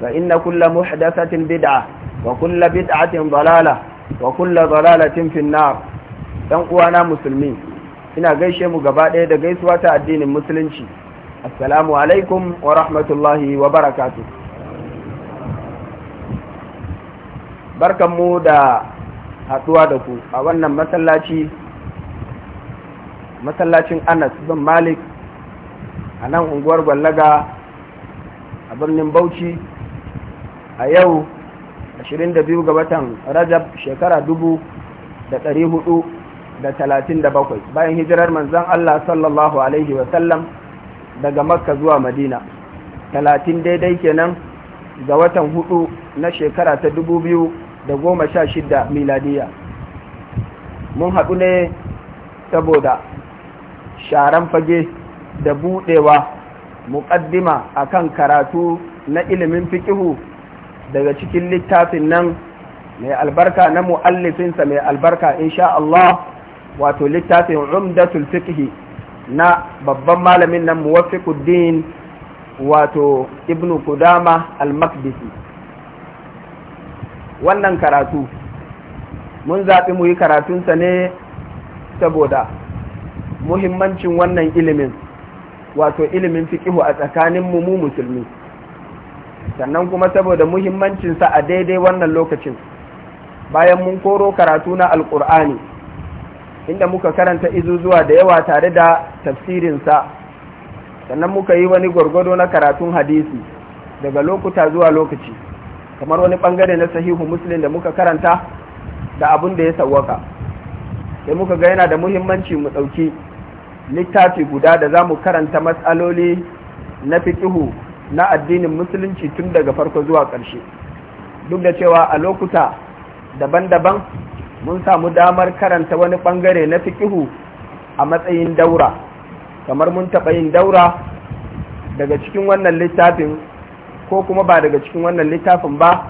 فإن كل محدثة بدعة وكل بدعة ضلالة وكل ضلالة في النار uwana musulmi ina gaishe mu gaba ɗaya da gaisuwa ta addinin musulunci assalamu alaikum wa rahmatullahi wa barakatu barkanmu da haɗuwa da ku a wannan masallaci masallacin anas bin malik a nan unguwar gwallaga a birnin bauchi a yau 22 ga watan rajab shekara 437 bayan hijirar manzan Allah sallallahu alaihi wasallam daga makka zuwa madina 30 daidai kenan ga watan hudu na shekara ta 2016 miladiya mun haɗu ne saboda sharan fage da buɗewa muƙaddima akan karatu na ilimin fikihu daga cikin littafin nan mai albarka na mu'allifinsa mai albarka insha Allah wato littafin umdatul fikhi na babban malamin nan muwaffiquddin wato ibnu kudama al-makdisi wannan karatu mun zaɓi mu yi karatunsa ne saboda muhimmancin wannan ilimin wato ilimin fikihu a tsakanin mu mu musulmi sannan kuma saboda muhimmancinsa a daidai wannan lokacin bayan mun koro karatu na Alƙur'ani, inda muka karanta izuzuwa da yawa tare da tafsirinsa sannan muka yi wani gwargwado na karatun hadisi daga lokuta zuwa lokaci kamar wani bangare na sahihu muslim da muka karanta da abin da ya sauwaka sai muka ga yana da muhimmanci mu ɗauki littafi guda da za mu karanta matsaloli na fikihu na addinin musulunci tun daga farko zuwa ƙarshe duk da cewa a lokuta daban-daban mun samu damar karanta wani ɓangare na fikihu a matsayin daura kamar mun taɓa yin daura daga cikin wannan littafin ko kuma ba daga cikin wannan littafin ba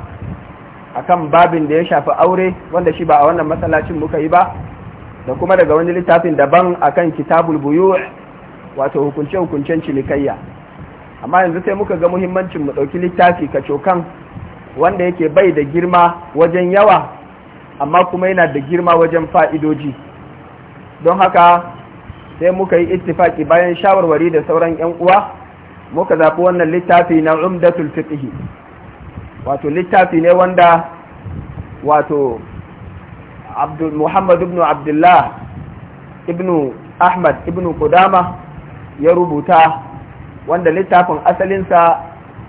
a kan babin da ya shafi aure wanda shi ba a wannan matsalacin muka yi ba da kuma daga wani littafin daban a kan kitabul buyu wato hukunce-hukuncen cinikayya amma yanzu sai muka ga muhimmancin mu ɗauki littafi kacokan wanda yake bai da girma wajen yawa amma kuma yana da girma wajen fa'idoji don haka sai muka yi ittifaki bayan shawarwari da sauran 'yan uwa muka zaɓi wannan littafi na umdatul fiqhi wato littafi ne wanda wato muhammad ibn abdullah ibn ahmad ibn kudama ya rubuta wanda littafin asalinsa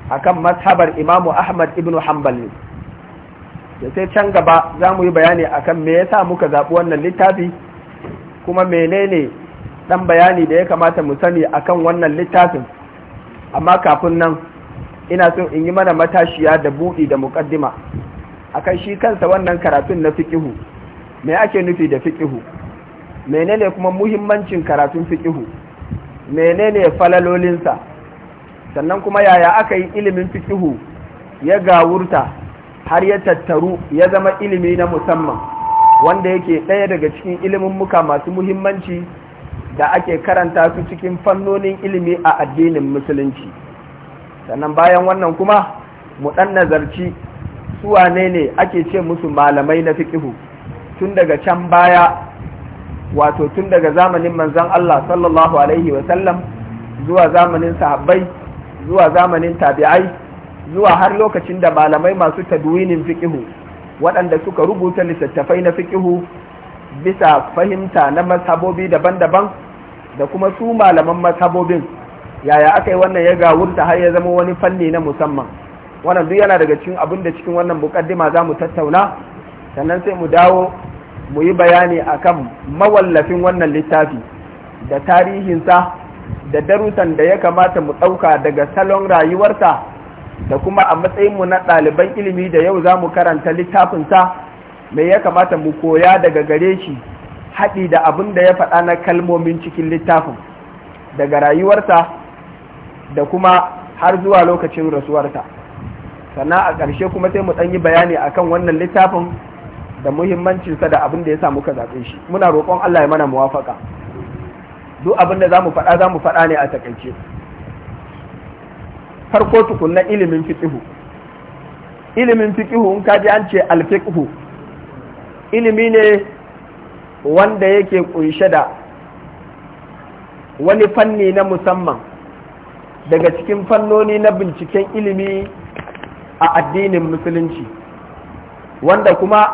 a kan mashabar imamu ahmad ibn hanbal ne da sai can gaba za mu yi bayani a kan me yasa muka zaɓi wannan littafi kuma menene ɗan bayani da ya kamata mu sani a kan wannan littafin amma kafin nan ina so in yi mana matashiya da buɗi da muƙaddima kan shi kansa wannan karatun na fiƙihu me ake nufi da fiƙihu menene kuma muhimmancin karatun fiƙihu menene falalolinsa sannan kuma yaya aka yi ilimin fikihu ya gawurta har ya tattaru ya zama ilimi na musamman wanda yake ɗaya daga cikin ilimin muka masu muhimmanci da ake karanta su cikin fannonin ilimi a addinin musulunci sannan bayan wannan kuma mu ɗan nazarci suwa ne ake ce musu malamai na fikihu tun daga can baya wato tun daga zamanin manzan Allah sallallahu alaihi wasallam zuwa zamanin sahabbai zuwa zamanin tabi'ai zuwa har lokacin da malamai masu tadwinin fiƙihu, waɗanda suka rubuta littattafai na fiƙihu, bisa fahimta na mazhabobi daban-daban da kuma su malaman mazhabobin yaya aka yi wannan ya gawurta har ya zama wani fanni na musamman wannan duk yana daga cikin abin da cikin wannan bukaddima za mu tattauna sannan sai mu dawo mu yi bayani akan mawallafin wannan littafi da tarihinsa da darussan da ya kamata mu ɗauka daga salon rayuwarsa da kuma a matsayinmu na ɗaliban ilimi da yau za mu karanta littafinsa mai ya kamata mu koya daga gare shi haɗi da abin da ya faɗa na kalmomin cikin littafin daga rayuwarsa da kuma har zuwa lokacin rasuwarsa sannan a ƙarshe kuma sai mu ɗan yi bayani kan wannan littafin da muhimmancinsa da abin da ya sa muka zaɓe shi muna roƙon Allah ya mana muwafaƙa. duk abin da za mu faɗa za mu faɗa ne a takaice farko na ilimin fiƙihu ilimin fiƙihu in kaji an ce alfiƙihu ilimi ne wanda yake ƙunshe da wani fanni na musamman daga cikin fannoni na binciken ilimi a addinin musulunci wanda kuma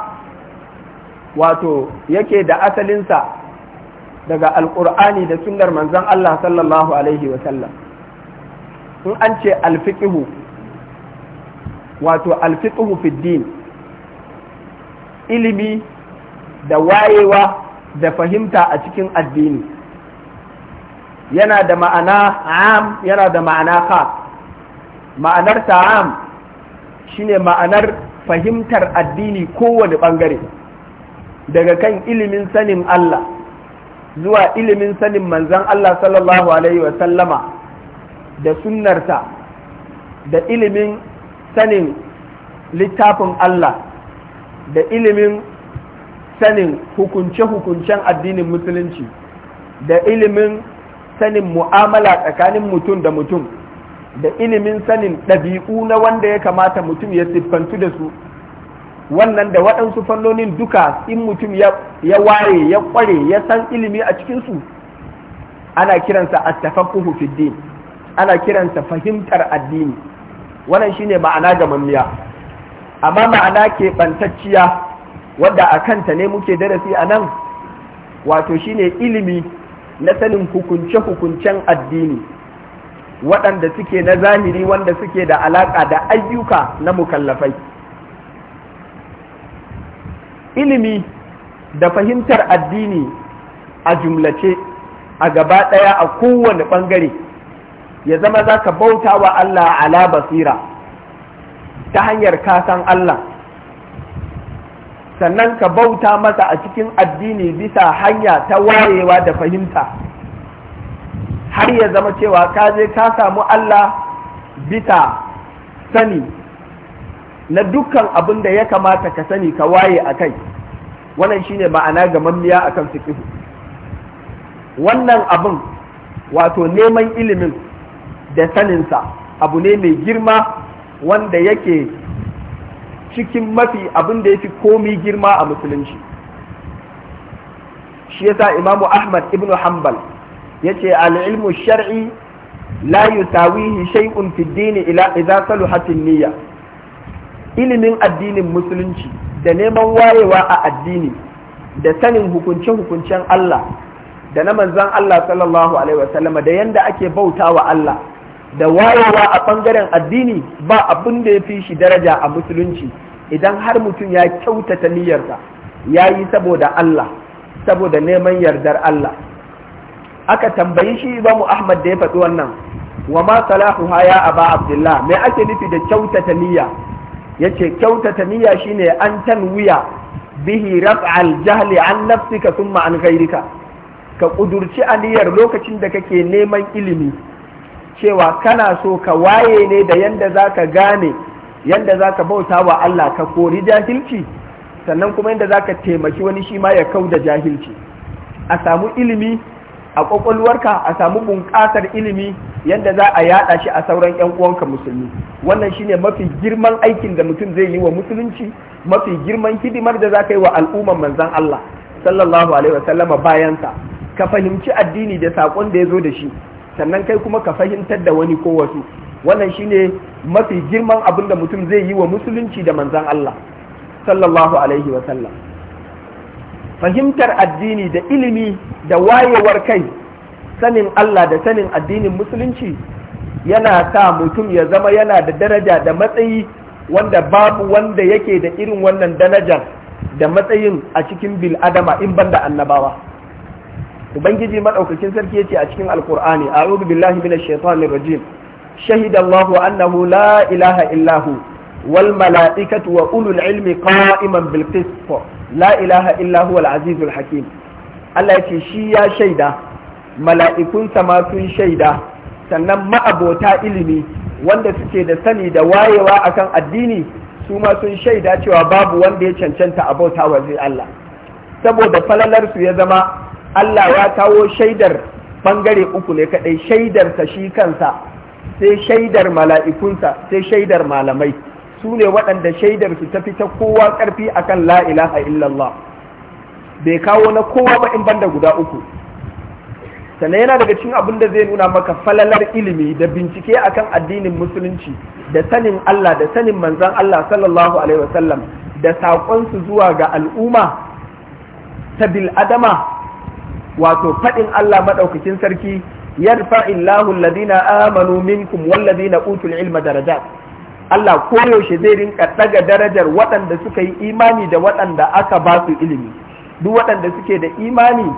wato yake da asalinsa daga alƙur'ani da sunnar manzon Allah sallallahu alaihi wa sallam in an ce alfiqhu wato alfiqhu fi din ilimi da wayewa da fahimta a cikin addini yana da ma'ana am yana da ma'ana ka ma'anar ta'am shine ma'anar fahimtar addini kowane ɓangare daga kan ilimin sanin Allah zuwa ilimin sanin manzan Allah sallallahu alaihi wasallama da sunnarta, da ilimin sanin littafin Allah da ilimin sanin hukunce-hukuncen addinin musulunci da ilimin sanin mu'amala tsakanin mutum da mutum da ilimin sanin ɗabi'u na wanda ya kamata mutum ya siffantu da su wannan da waɗansu fannonin duka in mutum ya ware ya ƙware ya san ilimi a cikinsu ana kiransa a tafakuhu fiddin ana kiransa fahimtar addini wannan shine ma'ana gamammiya amma ma'ana ke keɓantacciya wadda a kanta ne muke darasi a nan wato shine ilimi na sanin hukunce-hukuncen addini waɗanda suke na zahiri wanda suke da alaƙa da ayyuka na mukallafai. ilimi da fahimtar addini a jumlace a gaba ɗaya a kowane ɓangare ya zama za ka bauta wa Allah ala basira ta hanyar kasan Allah sannan ka bauta masa a cikin addini bisa hanya ta wayewa da fahimta har ya zama cewa ka je ka samu Allah bisa sani na dukkan abin da ya kamata ka sani ka waye a kai wannan shine ma'ana ga mamliya a kan fiƙihu wannan abin wato neman ilimin da saninsa abu ne mai girma wanda yake cikin mafi abin da ya fi komi girma a musulunci shi yasa imamu ahmad ibn hanbal ya ce al'ilmu shar'i la yusawihi shay'un fi dini ila idza saluhat niyya ilimin addinin musulunci da neman wayewa a addini da sanin hukunce-hukuncen Allah da na manzan Allah sallallahu alaihi wasallama da yanda ake bauta wa Allah da wayewa a ɓangaren addini ba abin da ya fi shi daraja a musulunci idan har mutum ya kyautata niyyarsa ya yi saboda Allah saboda neman yardar Allah aka tambayi shi Imamu Ahmad da ya faɗi wannan wa ma salahuha ya Aba Abdullah me ake nufi da kyautata niyya yace kyautata niyya shine an wuya. bihi raf'al jahli an nafsika thumma an ghayrika ka kudurci aniyar lokacin da kake neman ilimi cewa kana so ka waye ne da yanda zaka gane yanda zaka bauta wa Allah ka kori jahilci sannan kuma yanda zaka taimaki wani shi ma ya kauda jahilci a samu ilimi a kwakwalwarka a samu bunƙasar ilimi yadda za a yaɗa shi a sauran 'yan uwanka musulmi wannan shine mafi girman aikin da mutum zai yi wa musulunci mafi girman hidimar da za ka yi wa al'ummar manzan Allah sallallahu alaihi wasallama bayansa ka fahimci addini da saƙon da ya zo da shi sannan kai kuma ka fahimtar da wani ko wasu wannan shine mafi girman abin da mutum zai yi wa musulunci da manzan Allah sallallahu alaihi wasallam fahimtar addini da ilimi da wayewar kai sanin Allah da sanin addinin musulunci yana sa mutum ya zama yana da daraja da matsayi wanda babu wanda yake da irin wannan darajar da matsayin a cikin bil'adama in banda annabawa ubangiji madaukakin sarki ce a cikin alqur'ani a'udhu billahi minash shaitanir rajim shahida Allahu annahu la ilaha illahu wal mala'ikatu wa ulul ilmi qa'iman bil qist la ilaha illa huwa al-azizul hakim Allah ce shi ya shaida mala'ikunsa ma sun shaida sannan ma'abota ilimi wanda suke da sani da wayewa akan addini su ma sun shaida cewa babu wanda ya cancanta abota wa zai Allah saboda falalarsu ya zama Allah ya kawo shaidar bangare uku ne kadai shaidarsa shi kansa sai shaidar mala'ikunsa sai shaidar malamai su ne waɗanda shaidar su ta fita kowa ƙarfi akan la ilaha illallah bai kawo na kowa ba in banda guda uku sannan yana daga cikin abin da zai nuna maka falalar ilimi da bincike akan addinin musulunci da sanin Allah da sanin manzan Allah sallallahu alaihi wasallam da saƙonsu zuwa ga al'umma ta bil'adama wato faɗin Allah maɗaukakin sarki yarfa'illahu alladhina amanu minkum walladhina utul ilma darajat Allah koyaushe zai rinka ɗaga darajar waɗanda suka yi imani da waɗanda aka ba su ilimi duk waɗanda suke da imani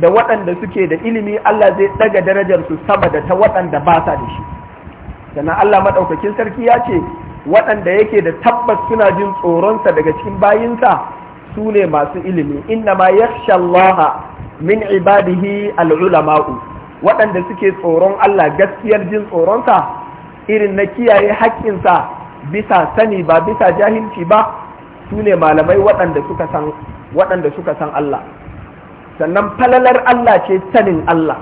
da waɗanda suke da ilimi Allah zai daga darajar su sama da ta waɗanda ba sa da shi sannan Allah maɗaukakin sarki ya ce waɗanda yake da tabbas suna jin tsoronsa daga cikin bayinsa su ne masu ilimi inna ma yakhsha Allah min ibadihi al waɗanda suke tsoron Allah gaskiyar jin tsoronsa irin na kiyaye haƙƙinsa bisa sani ba bisa jahilci ba su ne malamai waɗanda suka san Allah sannan falalar Allah ce sanin Allah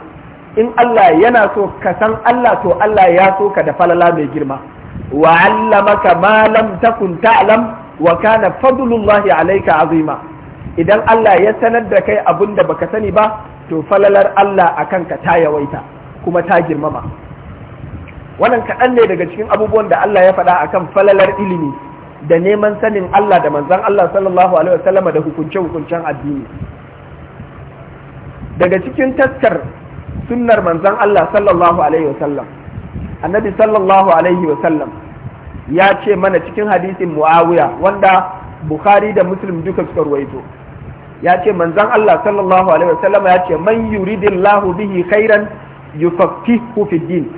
in Allah yana so ka san Allah to Allah ya so ka da falala mai girma wa 'allamaka ma lam takun ta'lam wa kana fadlullahi alayka azima idan Allah ya sanar da kai abunda baka sani ba to falalar Allah akan ka ta yawaita kuma ta girmama wannan kaɗan ne daga cikin abubuwan da Allah ya faɗa akan falalar ilimi da neman sanin Allah da manzan Allah sallallahu alaihi wasallama da hukunce-hukuncen addini daga cikin taskar sunnar manzan Allah sallallahu alaihi wasallam annabi sallallahu alaihi wasallam ya ce mana cikin hadisin muawiya wanda bukhari da muslim duka suka ruwaito ya ce manzan Allah sallallahu alaihi wasallama ya ce man yuridillahu bihi khairan yufaqqihu fid din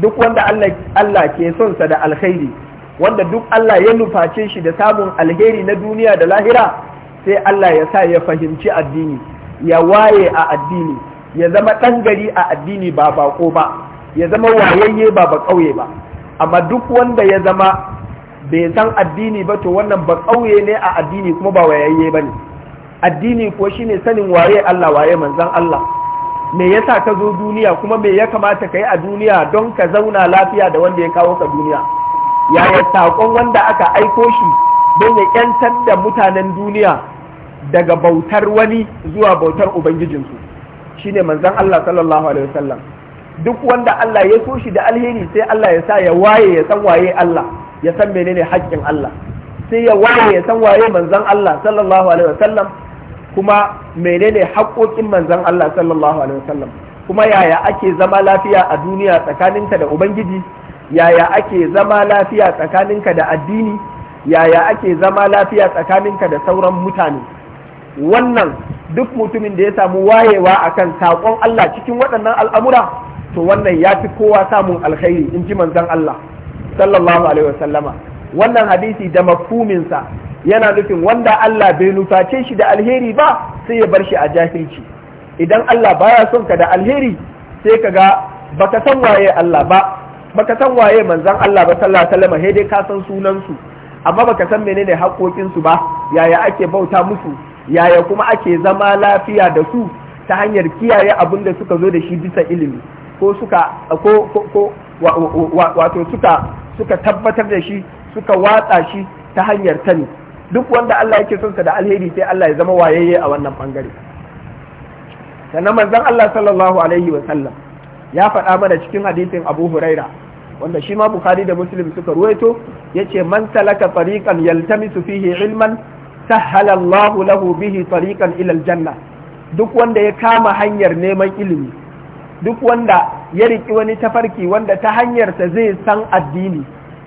duk wanda Allah ke son sa da alkhairi wanda duk Allah ya nuface shi da samun alheri na duniya da lahira sai Allah ya sa ya fahimci addini ya waye a addini ya zama ɗan gari a addini ba bako ba ya zama wayayye ba ba ƙauye ba amma duk wanda ya zama bai san addini ba to wannan ba ƙauye ne a addini kuma ba wayayye ba ne addini ko shine sanin waye Allah waye manzon Allah me yasa ka zo duniya kuma me ya kamata ka yi a duniya don ka zauna lafiya da wanda ya kawo ka duniya yaya saƙon wanda aka aiko shi don ya ƴantar da mutanen duniya daga bautar wani zuwa bautar ubangijinsu shine manzon Allah sallallahu alaihi wasallam duk wanda Allah ya so shi da alheri sai Allah ya sa ya waye ya san waye Allah ya san menene haƙƙin Allah sai ya waye ya san waye manzon Allah sallallahu alaihi wasallam kuma menene haƙoƙin manzon Allah sallallahu alaihi wasallam kuma yaya ake zama lafiya a duniya tsakaninka da ubangiji yaya ake zama lafiya tsakaninka da addini yaya ake zama lafiya tsakaninka da sauran mutane wannan duk mutumin da ya samu wayewa akan saƙon Allah cikin waɗannan al'amura to wannan ya fi kowa samun alkhairi in ji manzan Allah sallallahu alaihi wasallama wannan hadisi da mafhuminsa yana nufin wanda Allah bai nuface shi da alheri ba sai ya bar shi a jahilci idan Allah baya son ka da alheri sai ka ga baka san waye Allah ba baka san waye manzon Allah ba sallallahu alaihi wasallam dai ka san sunan su amma baka san menene haƙoƙin su ba yaya ake bauta musu yaya kuma ake zama lafiya da su ta hanyar kiyaye abin da suka zo da shi bisa ilimi ko suka ko ko wato suka suka tabbatar da shi suka watsa shi ta hanyar tani duk wanda Allah yake son sa da alheri sai Allah ya zama wayayye a wannan bangare sannan manzon Allah sallallahu alaihi wa sallam ya faɗa mana cikin hadisin Abu Huraira wanda shi ma Bukhari da Muslim suka ruwaito yace man salaka tariqan yaltamisu fihi ilman sahala Allah lahu bihi tariqan ila aljanna duk wanda ya kama hanyar neman ilimi duk wanda ya riki wani tafarki wanda ta hanyarsa zai san addini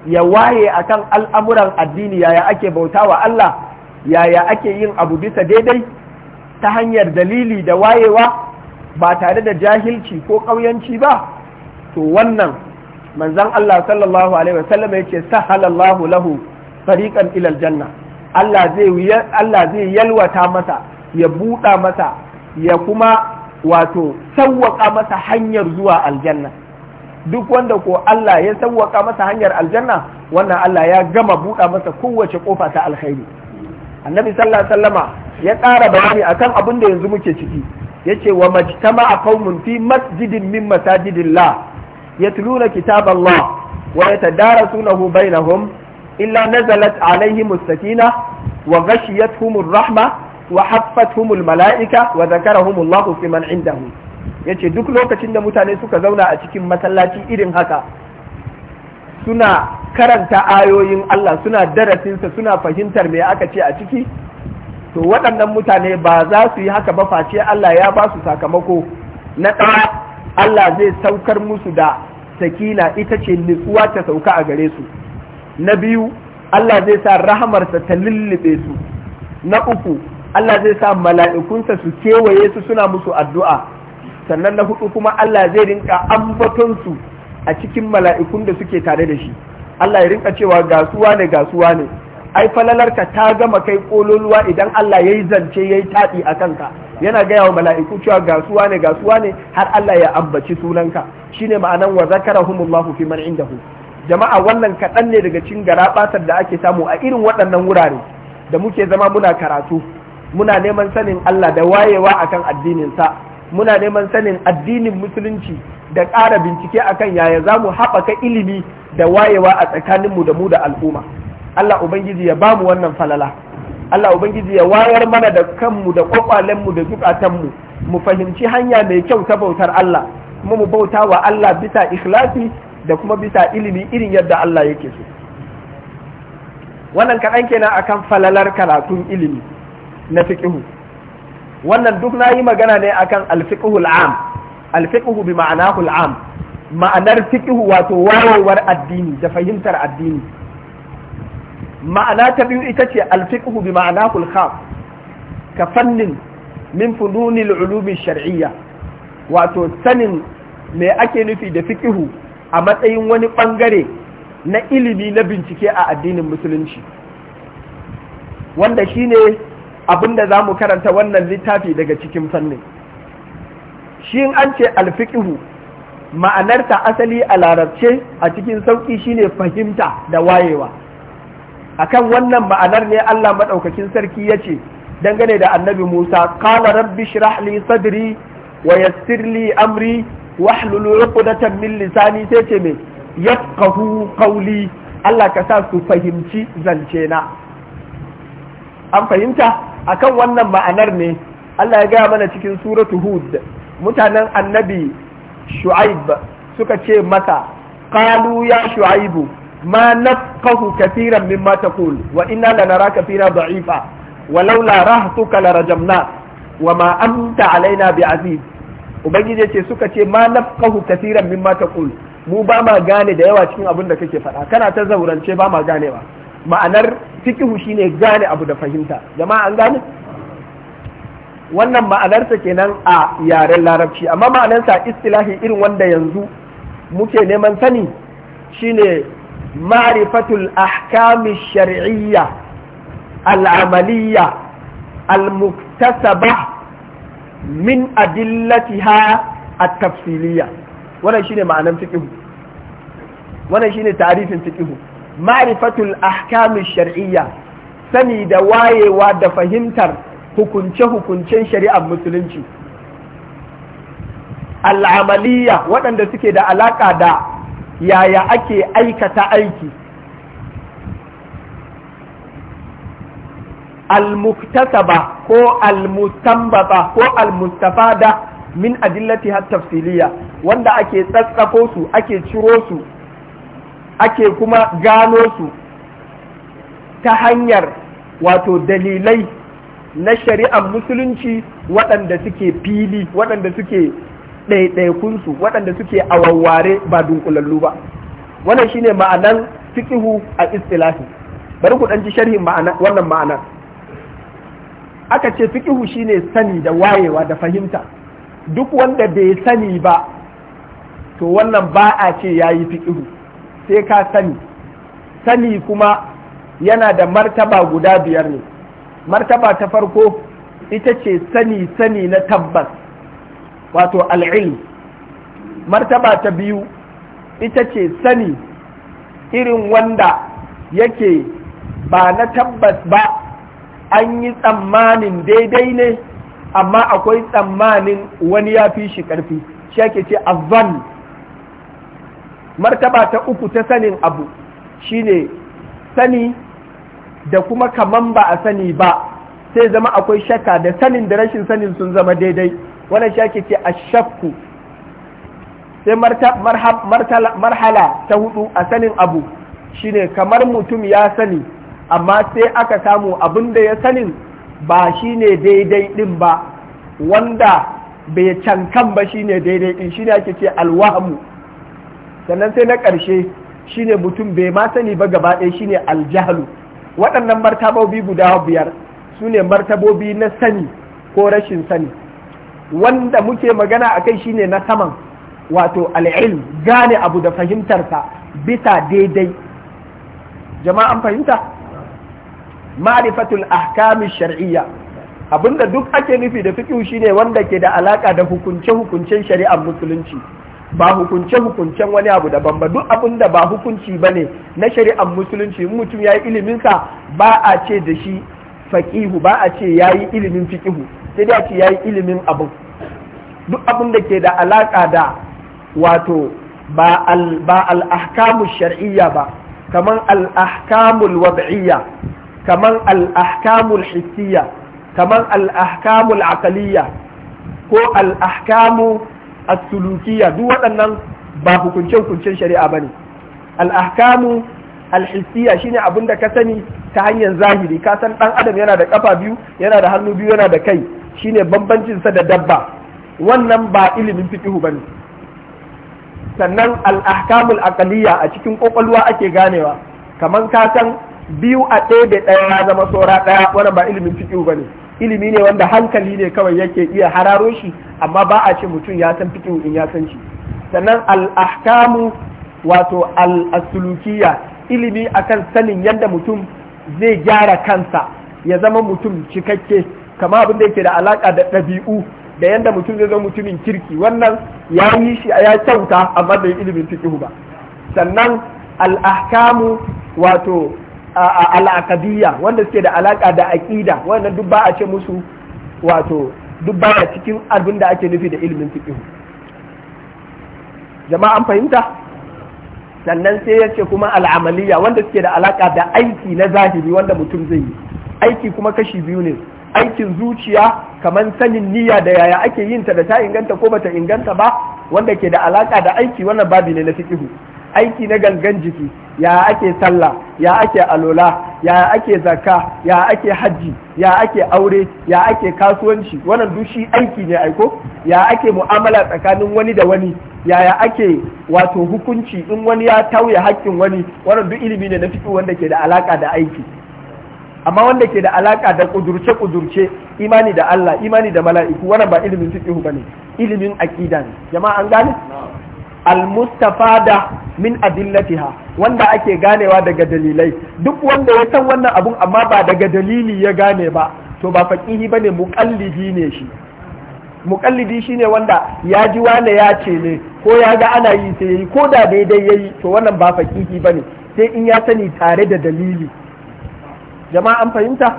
ya waye akan al'amuran addini yaya ake bauta wa Allah yaya ake yin abu bisa daidai ta hanyar dalili da wayewa ba tare da jahilci ko ƙauyanci ba to wannan manzan Allah sallallahu alaihi wasallam ya ce sahalallahu lahu fariƙan ilal janna Allah zai yalwata masa ya buɗa masa ya kuma wato sauwaƙa masa hanyar zuwa aljanna duk wanda ko Allah ya sawwaka masa hanyar aljanna wannan Allah ya gama buɗa masa kowace kofa ta alkhairi annabi sallallahu alaihi wasallama ya ƙara bayani akan abin da yanzu muke ciki yace wa majtama'a qaumun fi masjidin min masajidillah yatluna kitaballah wa yatadarasunahu bainahum illa nazalat alaihim as-sakina wa ghashiyatuhum ar-rahma wa haffathum al-mala'ika wa dhakarahum Allahu fi man 'indahu yace duk lokacin da mutane suka zauna a cikin masallaci irin haka suna karanta ayoyin Allah suna darasinsa suna fahimtar mai aka ce a ciki to waɗannan mutane ba za su yi haka ba face Allah ya ba su sakamako na ɗaya Allah zai saukar musu da sakina ita ce nutsuwa ta sauka a gare su na biyu Allah zai sa rahamarsa ta lullube su na uku Allah zai sa mala'ikunsa su kewaye su suna musu addu'a sannan na hudu kuma Allah zai rinka ambaton a cikin mala'ikun da suke tare da shi Allah ya rinka cewa gasuwa ne gasuwa ne ai falalarka ta gama kai kololuwa idan Allah ya yi zance ya yi taɗi a kanka yana gaya wa mala'iku cewa gasuwa ne gasuwa ne har Allah ya ambaci sunanka shine ma'anan wa zakarahumullahu fi man jama'a wannan kaɗan ne daga cikin garaɓatar da ake samu a irin waɗannan wurare da muke zama muna karatu muna neman sanin Allah da wayewa akan addinin sa muna neman sanin addinin musulunci da ƙara bincike akan yaya za mu haɓaka ilimi da wayewa a tsakaninmu da mu da al'umma Allah ubangiji ya bamu wannan falala Allah ubangiji ya wayar mana da kanmu da kwakwalenmu da zukatanmu mu fahimci hanya mai kyau ta bautar Allah kuma mu bauta wa Allah bisa ikhlasi da kuma bisa ilimi irin yadda Allah yake so wannan kaɗan kenan akan falalar karatun ilimi na fiƙihu wannan duk na yi magana ne akan alfiqhul am alfiqhu bi ma'anahul am ma'anar fiqhu wato warewar addini da fahimtar addini ma'ana ta biyu ita ce alfiqhu bi ma'anahul khas ka fannin min fununil ulumi shar'iyya wato sanin me ake nufi da fiqhu a matsayin wani ɓangare na ilimi na bincike a addinin musulunci wanda shine abinda za mu karanta wannan littafi daga cikin fannin shi an ce alfiƙihu ma'anarta asali a larabce a cikin sauƙi shine fahimta da wayewa akan wannan ma'anar ne Allah maɗaukakin sarki ya ce dangane da annabi Musa qala rabbi Shirahli, sadri wa amri wahlul 'uqdatan min lisani sai ce mai yafqahu qawli Allah ka sa su fahimci zance na an fahimta akan wannan ma'anar ne Allah ya gaya mana cikin suratu Hud mutanen annabi Shu'aib suka ce masa qalu ya Shu'aibu ma nafqahu kathiran mimma taqul wa inna lanaraka fina da'ifa walaula rahtuka larajamna ma anta alaina bi'aziz ubangiji ce suka ce ma nafqahu kathiran mimma taqul mu ba ma gane da yawa cikin abin da kake faɗa kana ta zaurance ba ma ganewa ma'anar fikihu shine gane abu da fahimta jama'a an gane wannan ma'anarsa kenan a yaren larabci amma ma'anarsa istilahi irin wanda yanzu muke neman sani shine ma'rifatul ahkami shar'iyya al'amaliyya al-muktasaba min adillatiha at-tafsiliyya wannan shine ma'anar fikihu wannan shine tarifin fikihu ma'rifatul ahkamin shar'iyya sani da wayewa da fahimtar hukunce-hukuncen shari'ar musulunci al'amaliya waɗanda suke da alaƙa da yaya ake aikata aiki al-muktasaba ko al-mustambata ko al-mustafada min adillati har tafsiliya wanda ake tsatsako su ake ciro su ake kuma gano su ta hanyar wato dalilai na shari'ar musulunci waɗanda suke fili waɗanda suke ɗaiɗaikunsu waɗanda suke awawware ba dunkulallu ba wannan shine ma'anan fiƙihu a istilahi bari ku ɗan ji sharhin wannan ma'anar aka ce fiƙihu shine sani da wayewa da fahimta duk wanda bai sani ba to wannan ba a ce ya yi fiƙihu. sai ka sani sani kuma yana da martaba guda biyar ne martaba ta farko ita ce sani sani na tabbas wato al'ilm martaba ta biyu ita ce sani irin wanda yake ba na tabbas ba an yi tsammanin daidai ne amma akwai tsammanin wani ya fi shi ƙarfi shi ake ce azan martaba ta uku ta sanin abu shine sani da kuma kamar ba a sani ba sai zama akwai shaka da sanin da rashin sanin sun zama daidai shi ake ce a shakku sai marhala ta hudu a sanin abu shine kamar mutum ya sani amma sai aka samu abin da ya sanin ba shine daidai din ba wanda bai cankan ba shine daidai din shine ake ce alwahamu sannan sai na ƙarshe shine mutum bai ma sani ba gaba ɗaya shine aljahalu waɗannan martabobi guda biyar su ne martabobi na sani ko rashin sani wanda muke magana a kai shine na saman wato al'il gane abu da fahimtarsa bisa daidai jama'an fahimta ma'rifatul ahkami shar'iyya abinda duk ake nufi da shi shine wanda ke da alaka da hukunce hukuncen shari'ar musulunci ba hukunce hukuncen wani abu daban ba duk abin da ba hukunci ba ne na shari'ar musulunci in mutum ya yi iliminsa ba a ce da shi faƙihu ba a ce ya yi ilimin fiƙihu sai dai a ce ya yi ilimin abin duk abin da ke da alaƙa da wato ba al'ahkamu shar'iyya ba kaman al'ahkamul wab'iyya kaman alahkamu hissiyya kaman al'ahkamul akaliyya ko al'ahkamu asulukiya duk waɗannan ba hukunce hukuncen shari'a bane ne al'ahkamu al shi shine abin da ka sani ta hanyar zahiri ka san adam yana da kafa biyu yana da hannu biyu yana da kai shine ne sa da dabba wannan ba ilimin ba ne sannan alahkamu ahkamul a cikin kokwalwa ake ganewa kaman ka san biyu a ɗaya da ɗaya ya zama saura ɗaya wani ba ilimin ba bane ilimi ne wanda hankali ne kawai yake iya hararo shi amma ba a ce mutum ya san fito in ya san shi sannan al'ahkamu wato al'asulukiya ilimi akan sanin yadda mutum zai gyara kansa ya zama mutum cikakke kama abin da yake da alaka da ɗabi'u da yadda mutum zai zama mutumin kirki wannan ya yi shi ya kyauta amma bai ilimin fiqh ba sannan al'ahkamu wato al'akadiyya wanda suke da alaka da aƙida, wannan duk a ce musu wato duk da cikin abin da ake nufi da ilimin fiqh jama'a an fahimta sannan sai ya ce kuma al'amaliyya wanda suke da alaka da aiki na zahiri wanda mutum zai yi aiki kuma kashi biyu ne aikin zuciya kamar sanin niyya da yaya ake yin ta da ta inganta ko bata inganta ba wanda ke da alaka da aiki wannan babi ne na fiqh aiki na gangan jiki ya ake sallah ya ake alola ya ake zakka ya ake hajji ya ake aure ya ake kasuwanci wannan duk shi aiki ne aiko ya ake mu'amala tsakanin wani da wani yaya ake wato hukunci in wani ya tauye haƙƙin wani wannan duk ilimi ne na fiƙi wanda ke da alaka da aiki amma wanda ke da alaka da kudurce kudurce imani da Allah imani da mala'iku wannan ba ilimin fiqh bane ilimin aqida ne jama'a gane almustafada min adillatiha wanda ake ganewa daga dalilai duk wanda ya san wannan abun amma ba daga dalili ya gane ba to ba faqihi bane muqallidi ne shi muqallidi shine wanda ya ji wane ya ce ne ko ya ga ana yi sai yi ko da daidai yayi to wannan ba faqihi bane sai in ya sani tare da dalili jama'a an fahimta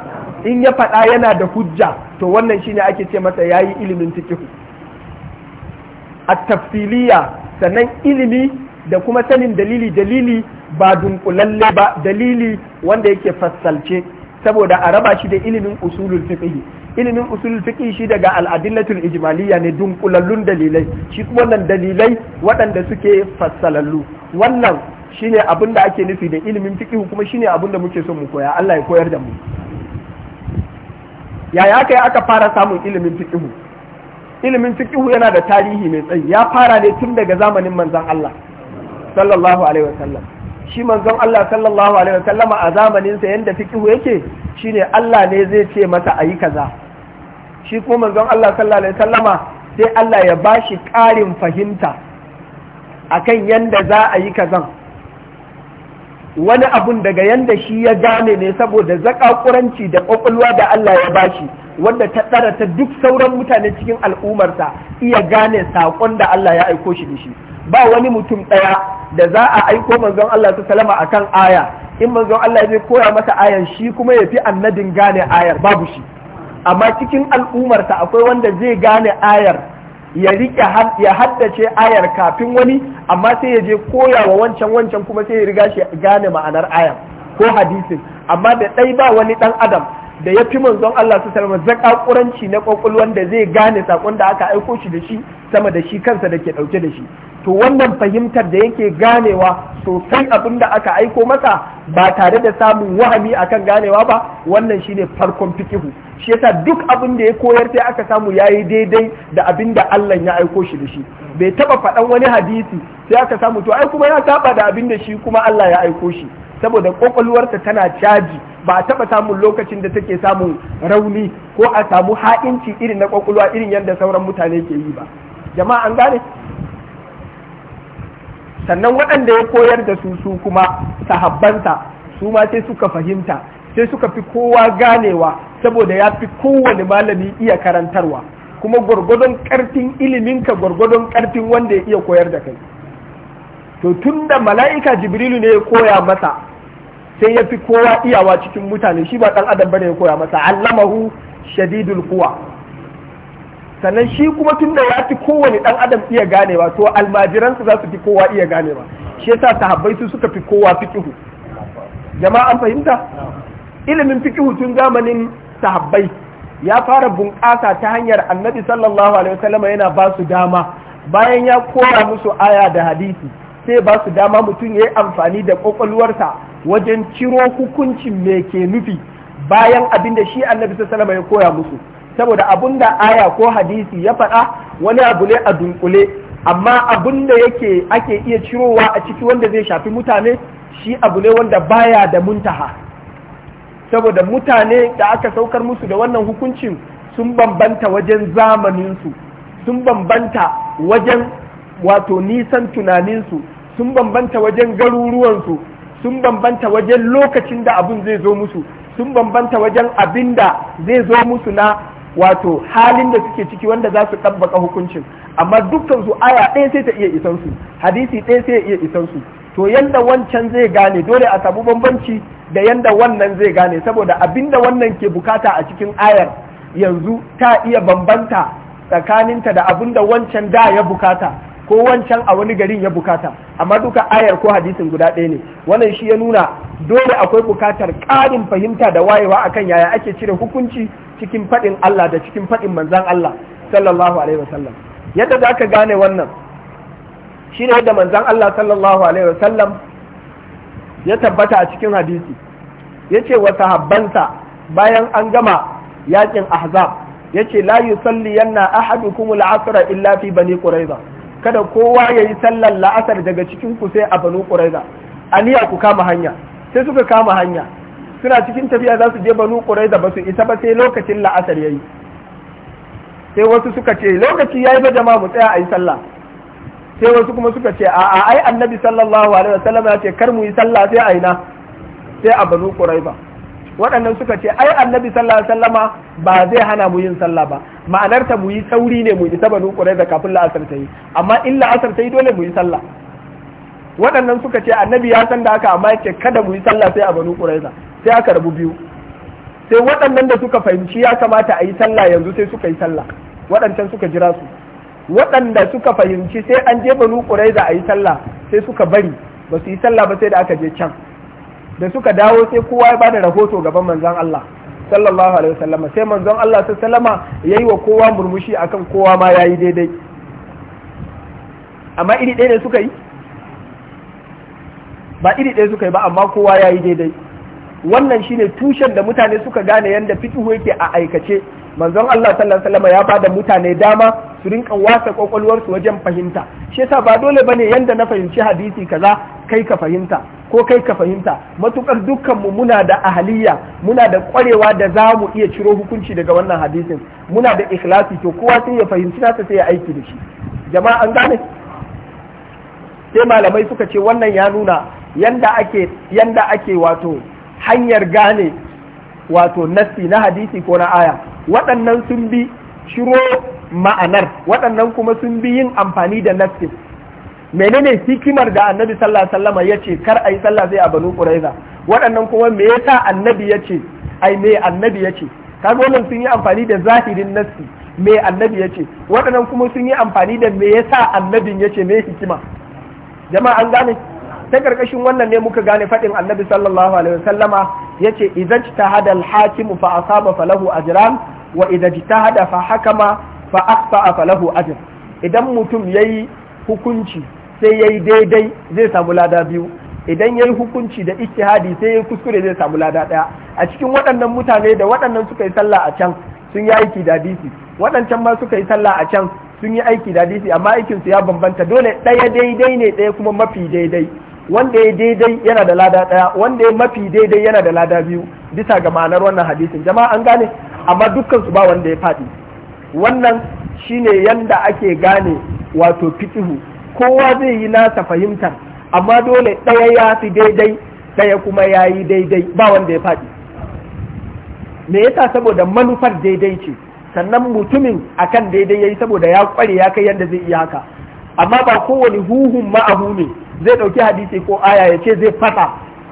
in ya faɗa yana da hujja to wannan shine ake ce masa yayi ilimin fiqh at-tafsiliya sannan ilimi da kuma sanin dalili dalili ba dunkulalle ba dalili wanda yake fassalce saboda a raba shi da ilimin usulul fiqh ilimin usulul fiqh shi daga al-adillatul ijmaliyya ne dunkulallun dalilai shi kuma nan dalilai waɗanda suke fassalallu wannan shine abin da ake nufi da ilimin fiqh kuma shine abin da muke son mu koya Allah ya koyar da mu yaya kai aka fara samun ilimin fiqh ilimin fiqhu yana da tarihi mai tsayi ya fara ne tun daga zamanin manzon Allah sallallahu alaihi wasallam shi manzon Allah sallallahu alaihi wasallama a zamanin sa yanda fiqhu yake shine Allah ne zai ce masa ayi kaza shi kuma manzon Allah sallallahu alaihi wasallama sai Allah ya bashi ƙarin fahimta akan yanda za a yi kazan wani abun daga yanda shi ya gane ne saboda zakakuranci da ƙwaƙwalwa da Allah ya bashi wanda ta tsara ta duk sauran mutane cikin al'umarsa iya gane saƙon da Allah ya aiko shi da shi ba wani mutum ɗaya da za a aiko manzon Allah ta salama a kan aya in manzon Allah zai koya masa ayan shi kuma ya fi annabin gane ayar babu shi amma cikin al'umarsa akwai wanda zai gane ayar ya rike ya haddace ayar kafin wani amma sai ya je koya wa wancan wancan kuma sai ya riga shi gane ma'anar ayar ko hadisin amma da ɗai ba wani ɗan adam da ya fi manzon Allah su salama kuranci na kwakwalwan da zai gane sakon da aka aiko shi da shi sama da shi kansa da ke ɗauke da shi to wannan fahimtar da yake ganewa sosai abin da aka aiko masa ba tare da samun wahami akan ganewa ba wannan shine farkon fikihu shi yasa duk abin da ya koyar sai aka samu ya yi daidai da abin da Allah ya aiko shi da shi bai taɓa faɗan wani hadisi sai aka samu to ai kuma ya saba da abin da shi kuma Allah ya aiko shi saboda kwakwalwarsa tana caji ba a taɓa samun lokacin da take samun rauni ko a samu ha'inci irin na kwakwalwa irin yadda sauran mutane ke yi ba jama'a an gane sannan waɗanda ya koyar da su su kuma sahabbanta su ma sai suka fahimta sai suka fi kowa ganewa saboda ya fi kowane malami iya karantarwa kuma gwargwadon ƙarfin iliminka gwargwadon ƙarfin wanda ya iya koyar da kai to tunda mala'ika jibrilu ne ya koya masa sai ya fi kowa iyawa cikin mutane shi ba ɗan adam bane ya koya masa allamahu shadidul kuwa sannan shi kuma tun da ya fi kowane ɗan adam iya ganewa to almajiransa za su fi kowa iya ganewa shi yasa sahabbai su suka fi kowa fiqhu jama'a an fahimta ilimin fiqhu tun zamanin sahabbai ya fara bunƙasa ta hanyar annabi sallallahu alaihi wasallam yana ba su dama bayan ya kora musu aya da hadisi sai ba su dama mutum ya yi amfani da ƙwaƙwalwarsa wajen ciro hukuncin mai ke nufi bayan abin da shi annabi salama ya koya musu saboda abun da aya ko hadisi ya faɗa wani abu ne a dunkule amma abun da yake ake iya cirowa a ciki wanda zai shafi mutane shi abu ne wanda baya da muntaha saboda mutane da aka saukar musu da wannan hukuncin sun bambanta wajen zamaninsu sun bambanta wajen wato nisan tunaninsu sun bambanta wajen garuruwansu sun bambanta wajen lokacin da abin zai zo musu sun bambanta wajen abin da zai zo musu na wato halin da suke ciki wanda za su ɗabbaka hukuncin amma dukkan su aya ɗaya sai ta iya isan hadisi ɗaya sai ya iya isan su to yanda wancan zai gane dole a samu bambanci da yanda wannan zai gane saboda abin da wannan ke bukata a cikin ayar yanzu ta iya bambanta tsakaninta da abin da wancan da ya bukata ko wancan a wani garin ya bukata amma duka ayar ko hadisin guda ɗaya ne wannan shi ya nuna dole akwai bukatar ƙarin fahimta da wayewa akan yaya ake cire hukunci cikin faɗin Allah da cikin faɗin manzan Allah sallallahu alaihi wasallam yadda za ka gane wannan shi ne da manzan Allah sallallahu alaihi wasallam ya tabbata a cikin hadisi ya ce wa sahabbansa bayan an gama yakin ahzab ya ce la yusalli yanna ahadukum al-asra illa fi bani quraiza kada kowa ya yi sallar la'asar daga cikin ku sai a banu ƙuraiza aniya ku kama hanya sai suka kama hanya suna cikin tafiya za su je banu ƙuraiza ba su isa ba sai lokacin la'asar ya yi sai wasu suka ce lokaci ya yi ba jama'a mu tsaya a yi sallah sai wasu kuma suka ce a'a ai annabi sallallahu alaihi wasallam ya ce kar mu yi sallah sai a ina sai a banu ƙuraiza waɗannan suka ce ai annabi sallallahu alaihi wasallama ba zai hana mu yin sallah ba ma'anar ta mu yi sauri ne mu isa banu qurayza kafin la'asar ta yi amma in la'asar ta yi dole mu yi sallah waɗannan suka ce annabi ya san da haka amma yake kada mu yi sallah sai a banu qurayza sai aka rabu biyu sai waɗannan da suka fahimci ya kamata a yi sallah yanzu sai suka yi sallah waɗancan suka jira su waɗanda suka fahimci sai an je banu qurayza a yi sallah sai suka bari ba su yi sallah ba sai da aka je can da suka dawo sai kowa ya bada rahoto gaban manzon Allah sallallahu alaihi wasallama sai manzon Allah sallama yayi wa kowa murmushi akan kowa ma yayi daidai amma iri ɗaya ne suka yi ba iri ɗaya suka yi ba amma kowa yayi daidai wannan shine tushen da mutane suka gane yadda fituhu yake a aikace manzon Allah sallallahu alaihi wasallam ya bada mutane dama su rinka wasa kwakwalwarsu wajen fahimta shi yasa ba dole bane yanda na fahimci hadisi kaza kai ka fahimta ko kai ka fahimta matukar dukkanmu muna da ahaliya muna da kwarewa da za mu iya ciro hukunci daga wannan hadisin muna da ikhlasi to kowa sai ya fahimci nasa sai ya aiki da shi jama'a an gane sai malamai suka ce wannan ya nuna yanda ake yanda ake wato hanyar gane wato nassi na hadisi ko na aya waɗannan sun bi shiro ma'anar waɗannan kuma sun bi yin amfani da nassin menene hikimar da annabi sallallahu alaihi wasallam ya ce kar ayi sallah sai a banu quraiza waɗannan kuma me yasa annabi ya ce ai me annabi ya ce kaga wannan sun yi amfani da zahirin nafsi me annabi ya ce waɗannan kuma sun yi amfani da me yasa annabin ya ce me hikima jama'a an gane ta karkashin wannan ne muka gane faɗin annabi sallallahu alaihi wasallama ce idan ta hada alhakimu fa asaba falahu ajran wa idan hada fa hakama fa a falahu ajr idan mutum yayi hukunci sai yayi daidai zai samu lada biyu idan yayi hukunci da ijtihadi sai yayi kuskure zai samu lada daya a cikin waɗannan mutane da waɗannan suka yi sallah a can sun yi aiki da hadisi waɗancan ma suka yi sallah a can sun yi aiki da hadisi amma aikinsu ya bambanta dole ɗaya daidai ne ɗaya kuma mafi daidai wanda ya daidai yana da lada ɗaya wanda ya mafi daidai yana da lada biyu bisa ga ma'anar wannan hadisin jama'a an gane amma dukkan su ba wanda ya faɗi wannan shine yanda ake gane wato fitihu kowa zai yi nasa fahimtar amma dole ɗaya ya fi daidai ɗaya kuma ya yi daidai ba wanda ya faɗi me yasa saboda manufar daidai ce sannan mutumin akan daidai ya yi saboda ya kware ya kai yanda zai iya haka amma ba kowane huhun ma'ahu ne zai ɗauki hadisi ko aya ya ce zai fasa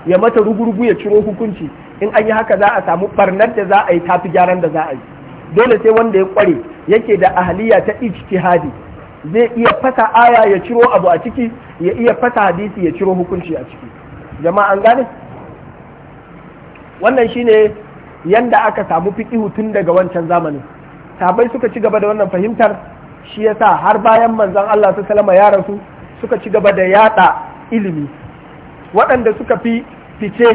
ya mata rugurugu ya ciro hukunci in an yi haka za a samu ɓarnar da za a yi tafi gyaran da za a yi dole sai wanda ya ƙware yake da ahaliya ta ijtihadi zai iya fasa aya ya ciro abu a ciki ya iya fasa hadisi ya ciro hukunci a ciki jama'a an gane wannan shine yanda aka samu fiqihu tun daga wancan zamanin sabai suka ci gaba da wannan fahimtar shi yasa har bayan manzon Allah sallallahu alaihi wasallam ya rasu suka ci gaba da yada ilimi waɗanda suka fi fice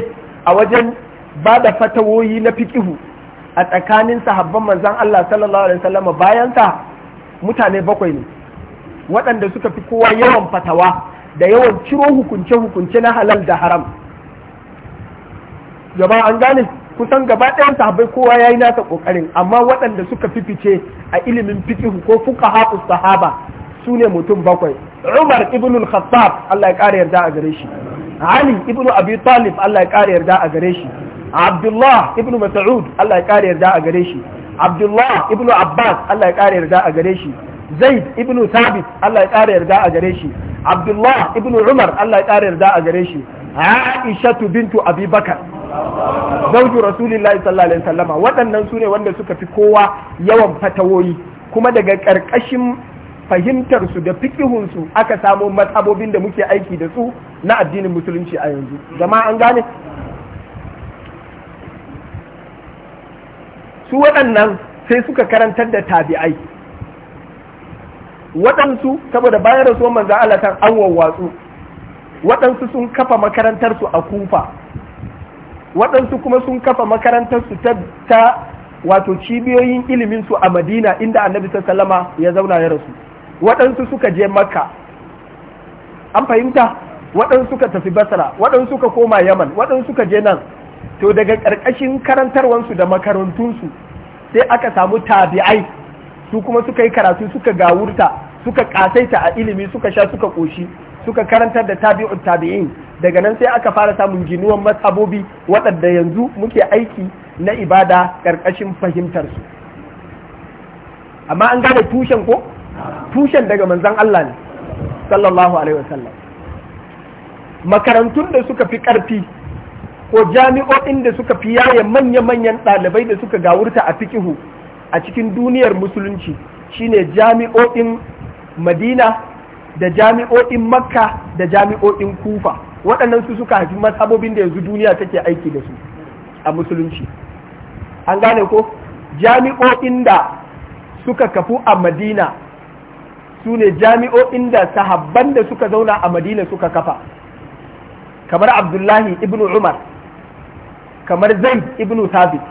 a wajen ba da fatawoyi na fiƙihu a tsakanin sahabban manzan Allah sallallahu alaihi wasallam bayan sa mutane bakwai ne waɗanda suka fi kowa yawan fatawa da yawan ciro hukunce-hukunce na halal da haram gaba an gane kusan gaba ɗayan sahabbai kowa ya yi nasa ƙoƙarin amma waɗanda suka fi fice a ilimin fiƙihu ko fuka sahaba su ne mutum bakwai Umar ibn al-Khattab Allah ya kare yarda a gare shi Ali ibn Abi Talib Allah ya kare yarda a gare shi Abdullah ibn Mas'ud Allah ya kare yarda a gare shi Abdullah ibn Abbas Allah ya kare yarda a gare shi Zaid ibn Thabit Allah ya kare yarda a gare shi Abdullah ibn Umar Allah ya kare yarda a gare shi Aisha bintu Abi Bakar zauju Rasulullahi sallallahu alaihi wasallama waɗannan su ne wanda suka fi kowa yawan fatawoyi kuma daga ƙarƙashin fahimtarsu da fikihunsu aka samo matsabobin da muke aiki da su na addinin musulunci a yanzu zama an gane su waɗannan sai suka karantar da tabi'ai waɗansu saboda bayan rasuwar manzan Allah kan an wawwatsu waɗansu sun kafa makarantarsu a kufa waɗansu kuma sun kafa makarantarsu ta, wato cibiyoyin iliminsu a madina inda annabi sallama ya zauna ya rasu waɗansu suka je makka an fahimta waɗansu suka tafi basra waɗansu suka koma yaman waɗansu suka je nan to daga ƙarƙashin karantarwansu da makarantunsu sai aka samu tabi'ai su kuma suka yi karatu suka gawurta suka ƙasaita a ilimi suka sha suka ƙoshi suka karantar da tabi'un tabi'in daga nan sai aka fara samun ginuwan matsabobi waɗanda yanzu muke aiki na ibada ƙarƙashin fahimtarsu amma an gane tushen ko tushen daga manzan Allah ne sallallahu alaihi wasallam makarantun da suka fi ƙarfi ko jami'o'in da suka fi yaye manya-manyan ɗalibai da suka gawurta a fikihu a cikin duniyar musulunci shine jami'o'in madina da jami'o'in makka da jami'o'in kufa waɗannan su suka haifi masabobin da yanzu duniya take aiki da su a musulunci an gane ko jami'o'in da suka kafu a madina su ne jami'o'in da sahabban da suka zauna a madina suka kafa kamar abdullahi ibn umar kamar zai ibn thabit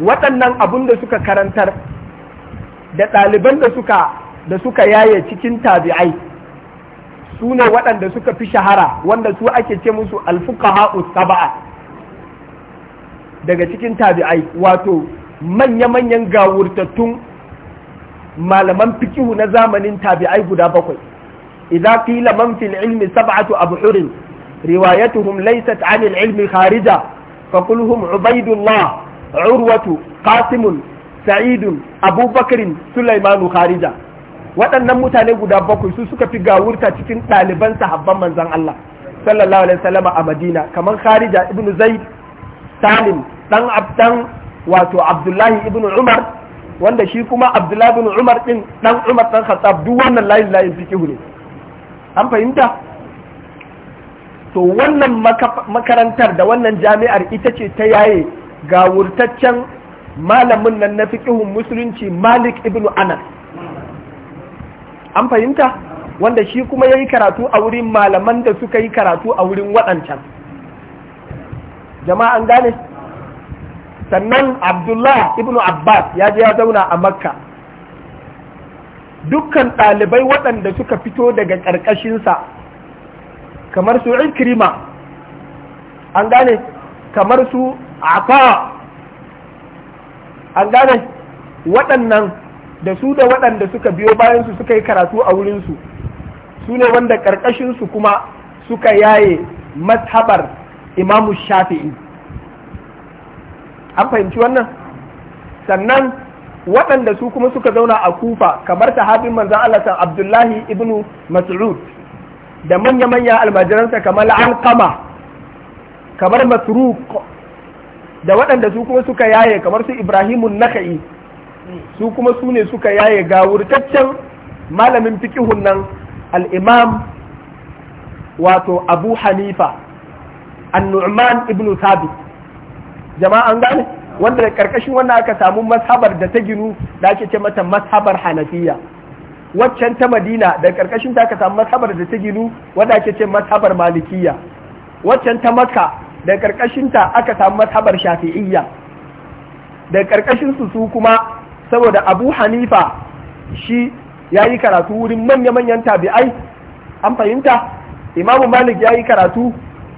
waɗannan abun da suka karantar da ɗaliban da suka da suka yaye cikin tabi'ai su ne waɗanda suka fi shahara wanda su ake ce musu alfuqaha saba'a daga cikin tabi'ai wato manya-manyan gawurtattun malaman fikihu na zamanin tabi'ai guda bakwai idza qila man fil ilmi sab'atu abhur riwayatuhum laysat 'an al ilmi kharija fa qul ubaidullah urwatu qasim sa'id abu bakr sulaiman kharija waɗannan mutane guda bakwai su suka fi gawurta cikin ɗaliban sahabban manzon Allah sallallahu alaihi wasallam a Madina kamar kharija ibnu zaid salim dan abdan wato abdullahi ibnu umar wanda shi kuma abdullahi bin umar din dan umar dan khattab duk wannan layin layin fiqh ne an fahimta to wannan makarantar da wannan jami'ar ita ce ta yaye ga wurtaccen malamin nan na fiqhun musulunci malik ibn anas an fahimta wanda shi kuma ya yi karatu a wurin malaman da suka yi karatu a wurin waɗancan jama'an gane sannan abdullah ibn abbas ya je ya zauna a makka dukkan ɗalibai waɗanda suka fito daga ƙarƙashinsa kamar su ikrima an gane kamar su afa an gane waɗannan da su da waɗanda suka biyo bayansu suka yi karatu a wurinsu su ne wanda ƙarƙashinsu kuma suka yaye mashabar imamu shafi'i an fahimci wannan sannan waɗanda su kuma suka zauna a kufa kamar sahabin manzan Allah san Abdullahi ibnu Mas'ud da manya-manya almajiransa kamar alƙama kamar masruq da waɗanda su kuma suka yaye kamar su Ibrahimu Naka'i su kuma su ne suka yaye gawurtaccen malamin fiƙihun nan al'imam wato Abu Hanifa an-Nu'man ibn Thabit jama'a an gane wanda karkashin wannan aka samu mashabar da ta ginu da ake ce mata mashabar hanafiya waccan ta madina da karkashin ta aka samu mashabar da ta ginu wanda ake ce mashabar malikiya waccan ta makka da karkashin ta aka samu mashabar shafi'iyya da karkashin su su kuma saboda abu hanifa shi ya yi karatu wurin manya-manyan tabi'ai an fahimta imamu malik ya yi karatu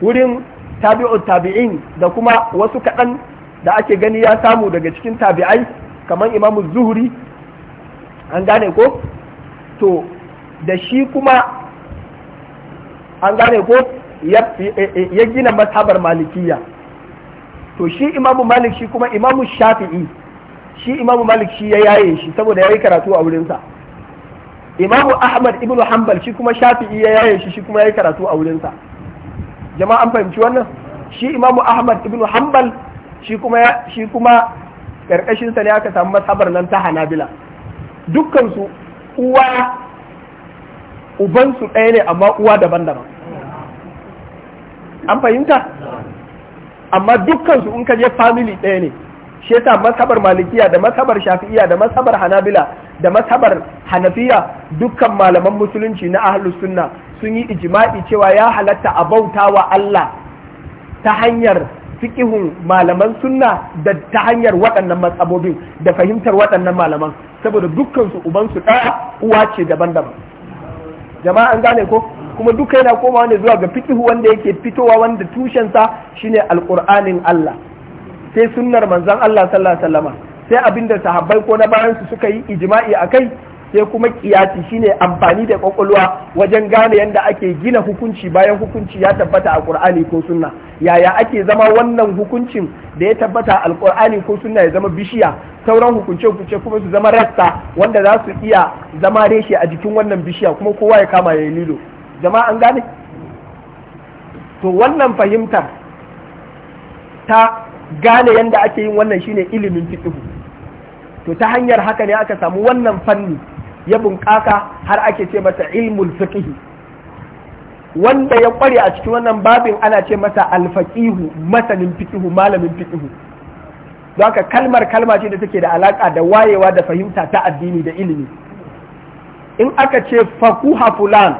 wurin tabi'u tabi'in da kuma wasu kaɗan da ake gani ya samu daga cikin tabi'ai kamar imamu zuhuri an gane ko to da shi kuma an gane ko ya gina mazhabar malikiya to shi imamu malik shi kuma imamu shafi'i shi imamu malik shi ya yaye shi saboda ya yi karatu a wurinsa imamu ahmad ibn hanbal shi kuma shafi'i ya yaye shi shi kuma ya yi karatu a wurinsa jama'a an fahimci wannan shi imamu ahmad ibnu hanbal shi kuma shi kuma karkashin sa ne aka samu masabar nan ta hanabila dukkan su uwa uban su ɗaya ne amma uwa daban-daban an fahimta amma dukkan su in ka je family ɗaya ne shi yasa mazhabar malikiya da mazhabar shafi'iya da mazhabar hanabila da mazhabar hanafiya dukkan malaman musulunci na ahlus sunna sun yi ijma'i cewa ya halatta a bauta Allah ta hanyar fiqihun malaman sunna da ta hanyar waɗannan matsabobin da fahimtar waɗannan malaman saboda dukkan su uban su ɗaya uwa ce daban-daban jama'a an gane ko kuma duka yana komawa ne zuwa ga fiqihu wanda yake fitowa wanda tushensa shine alqur'anin Allah sai sunnar manzon Allah sallallahu alaihi wasallama sai abinda sahabbai ko na bayan su suka yi a kai sai kuma kiyasi shine amfani da kwakwalwa wajen gane yadda ake gina hukunci bayan hukunci ya tabbata a Qur'ani ko sunna yaya ake zama wannan hukuncin da ya tabbata a Qur'ani ko sunna ya zama bishiya sauran hukunce hukunce kuma su zama rasta wanda za su iya zama reshe a jikin wannan bishiya kuma kowa ya kama ya yi lilo jama'a gane to wannan fahimtar ta gane yadda ake yin wannan shine ilimin fiqh to ta hanyar haka ne aka samu wannan fanni ya bunƙasa har ake ce masa ilmul fiqh wanda ya ƙware a cikin wannan babin ana ce masa alfaqihu masanin fiqh malamin fiqh don haka kalmar kalma ce da take da alaƙa da wayewa da fahimta ta addini da ilimi in aka ce fakuha fulan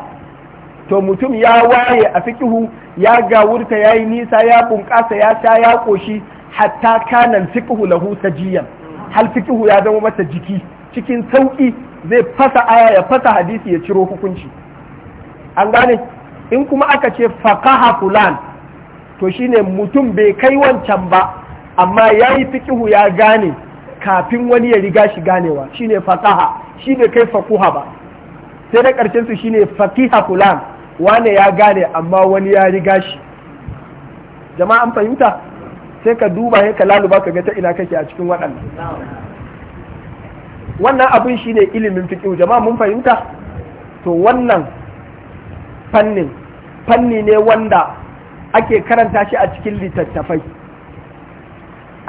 to mutum ya waye a fikihu ya gawurta ya yi nisa ya bunƙasa ya sha ya ƙoshi hatta kanan fiqhu lahu sajiyan hal fiqhu ya zama masa jiki cikin sauki zai fasa aya ya fasa hadisi ya ciro hukunci an gane in kuma aka ce faqaha fulan to shine mutum bai kai wancan ba amma yayi fiqhu ya gane kafin wani ya riga shi ganewa shine faqaha shi bai kai faquha ba sai na karshen su shine faqiha fulan wane ya gane amma wani ya riga shi Jama'an fahimta sai ka duba sai ka laluba ka ga ta ina kake a cikin waɗannan wannan abin shine ilimin fiqh jama mun fahimta to wannan fannin fanni ne wanda ake karanta shi a cikin littattafai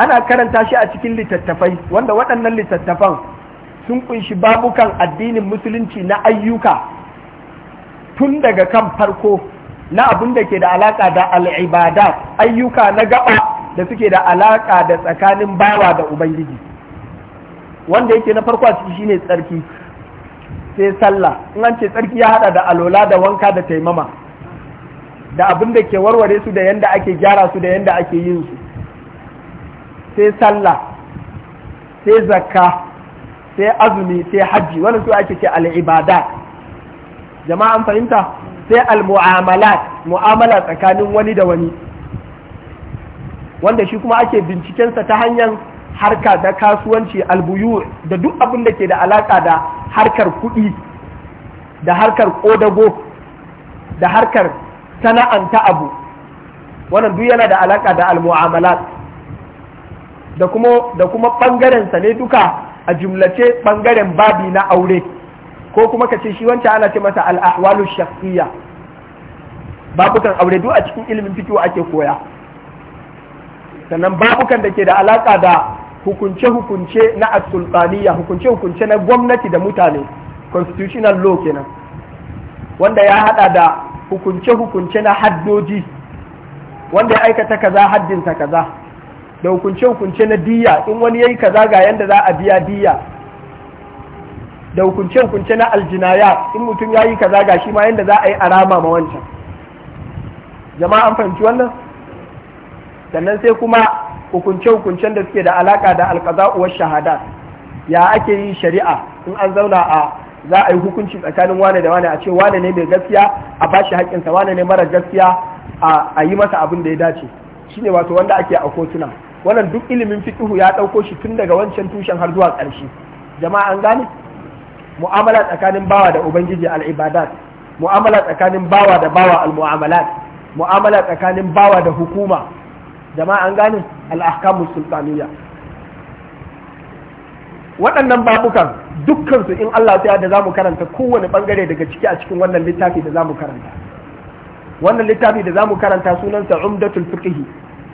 ana karanta shi a cikin littattafai wanda waɗannan littattafan sun kunshi babukan addinin musulunci na ayyuka tun daga kan farko na abin da ke da alaƙa da al'ibada ayyuka na gaba da suke da alaka da tsakanin bawa da ubangiji wanda yake na farko a ciki shine tsarki sai sallah in an ce tsarki ya hada da alola da wanka da taimama da abin da ke warware su da yanda ake gyara su da yanda ake yin su sai sallah sai zakka sai azumi sai hajji wannan su ake ce al'ibada jama'an fahimta sai al-mu'amalat mu'amala tsakanin wani da wani wanda shi kuma ake bincikensa ta hanyar harka da kasuwanci albuyu da duk abin da ke da alaka da harkar kuɗi da harkar ƙodago da harkar sana'anta abu wannan duk yana da alaka da almu'amalat da kuma da kuma ɓangarensa ne duka a jumlace ɓangaren babi na aure ko kuma ka ce shi wancan ana ce masa al'ahwalu shakhsiyya babukan aure duk a cikin ilimin fikiwa ake koya sannan babukan da ke da alaka da hukunce-hukunce na asulfaniya hukunce-hukunce na gwamnati da mutane constitutional law kenan wanda ya hada da hukunce-hukunce na haddoji wanda ya aikata kaza haddinsa kaza da hukunce-hukunce na diya in wani ya yi kaza ga yadda za a biya diya da hukunce-hukunce na aljinaya in mutum ya yi kaza ga shi ma yadda za a yi arama ma wancan jama'a an fahimci wannan sannan sai kuma hukunce-hukuncen da suke da alaka da alkaza'uwar shahada ya ake yi shari'a in an zauna a za a yi hukunci tsakanin wane da wane a ce wane ne mai gaskiya a bashi haƙƙinsa wane ne mara gaskiya a yi masa abin da ya dace shine wato wanda ake a kotuna wannan duk ilimin fiqhu ya ɗauko shi tun daga wancan tushen har zuwa ƙarshe jama'a an gane mu'amala tsakanin bawa da ubangiji al-ibadat mu'amala tsakanin bawa da bawa al-mu'amalat mu'amala tsakanin bawa da hukuma jama'a an gane al'ahkamu sultaniya waɗannan babukan dukkansu in Allah ta da mu karanta kowane ɓangare daga ciki a cikin wannan littafi da za mu karanta wannan littafi da za mu karanta sunansa umdatul fiqhi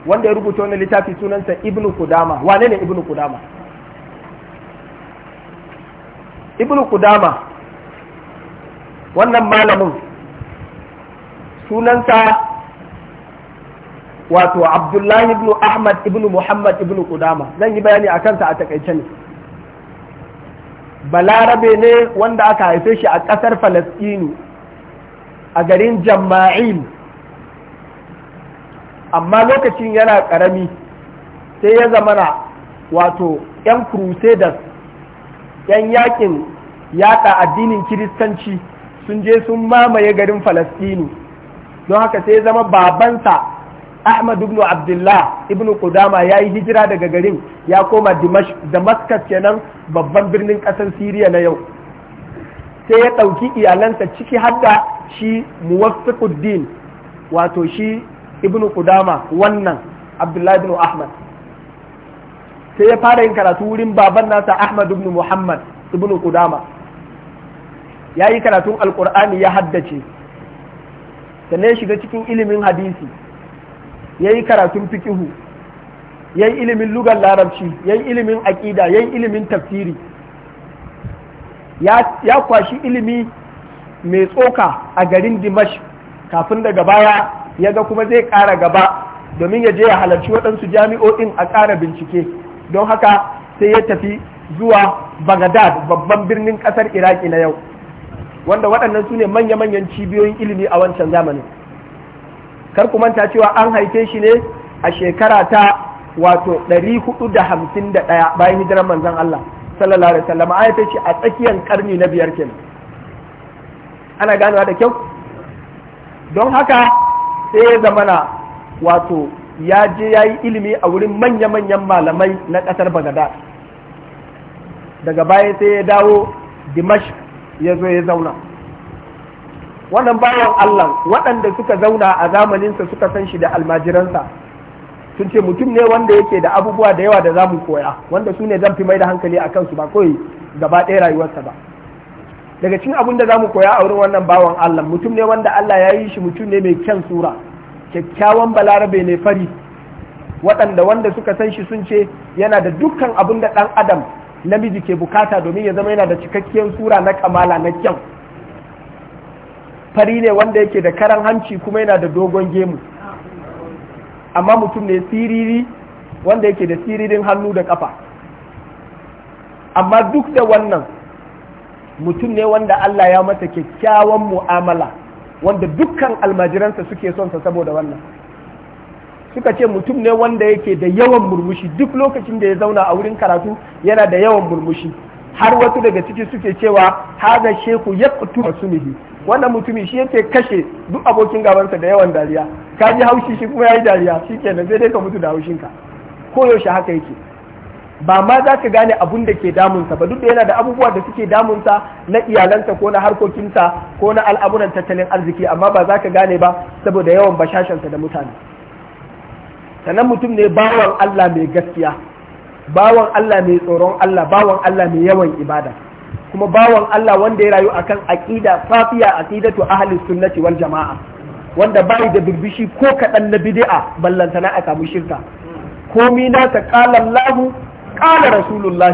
wanda ya rubuta wannan littafi sunansa ibnu kudama wane ne ibnu kudama ibnu kudama wannan malamin sunansa wato abdullahi ibn ahmad ibn muhammad ibn kudama zan yi bayani a kansa a takaice ne balarabe ne wanda aka haife shi a ƙasar falastini a garin jama'il amma lokacin yana ƙarami sai ya zama na wato 'yan crusaders 'yan yakin yaƙa addinin kiristanci sun je sun mamaye garin falastini don haka sai ya zama babansa Ahmad ibn Abdullah ibn Qudama ya yi hijira daga garin ya koma Damascus kenan babban birnin ƙasar Siriya na yau sai ya ɗauki iyalansa ciki hadda shi Muwaffiquddin wato shi ibn Qudama wannan Abdullah ibn Ahmad sai ya fara yin karatu wurin baban nasa Ahmad ibn Muhammad ibn Qudama ya yi karatun Alƙur'ani ya haddace sannan ya shiga cikin ilimin hadisi ya yi karatun fikihu yi ilimin lugar larabci yi ilimin aƙida, yi ilimin tafsiri ya kwashi ilimi mai tsoka a garin dimash kafin daga baya ya ga kuma zai ƙara gaba domin ya je ya halarci waɗansu jami'o'in a ƙara bincike don haka sai ya tafi zuwa bagadad babban birnin ƙasar iraki na yau wanda waɗannan su ne manya-manyan cibiyoyin ilimi a wancan zamanin kar ku manta cewa an haife shi ne a shekara ta wato 451 bayan hijirar manzon Allah sallallahu alaihi wasallam a haife shi a tsakiyar karni na biyar kenan ana ganowa da kyau don haka sai ya zamana wato ya je ya yi ilimi a wurin manya-manyan malamai na ƙasar bagada daga baya sai ya dawo dimash ya zo ya zauna wannan bayan Allah waɗanda suka zauna a zamaninsa suka san shi da almajiransa sun ce mutum ne wanda yake da abubuwa da yawa da za mu koya wanda su ne zan fi mai da hankali a kansu ba kawai gaba ɗaya rayuwarsa ba daga cikin abin da za mu koya a wurin wannan bawan Allah mutum ne wanda Allah ya yi shi mutum ne mai kyan sura kyakkyawan balarabe ne fari waɗanda wanda suka san shi sun ce yana da dukkan abin da ɗan adam namiji ke bukata domin ya zama yana da cikakkiyar sura na kamala na kyau fari ne wanda yake da karan hanci kuma yana da dogon gemu amma mutum ne siriri wanda yake da siririn hannu da kafa amma duk da wannan mutum ne wanda Allah ya masa kyakkyawan mu'amala wanda dukkan almajiransa suke son saboda wannan suka ce mutum ne wanda yake da yawan murmushi duk lokacin da ya zauna a wurin karatu yana da yawan murmushi har wasu daga ciki suke cewa haza sheku ya kutu sumihi wannan mutumi shi yake kashe duk abokin gabansa da yawan dariya ka ji haushi shi kuma ya yi dariya Shi kenan, sai dai ka mutu da haushinka ko yaushe haka yake ba ma za ka gane abun da ke damunsa ba duk da yana da abubuwa da suke damunsa na iyalansa ko na harkokinsa ko na al'amuran tattalin arziki amma ba za ka gane ba saboda yawan bashashansa da mutane sannan mutum ne bawan Allah mai gaskiya bawan Allah mai tsoron Allah bawan Allah mai yawan ibada kuma bawan Allah wanda ya rayu akan aqida safiya aqidatu ahli sunnati wal jama'a wanda bai da birbishi ko kaɗan na bid'a na a samu shirka komi na ta qala Allah qala rasulullah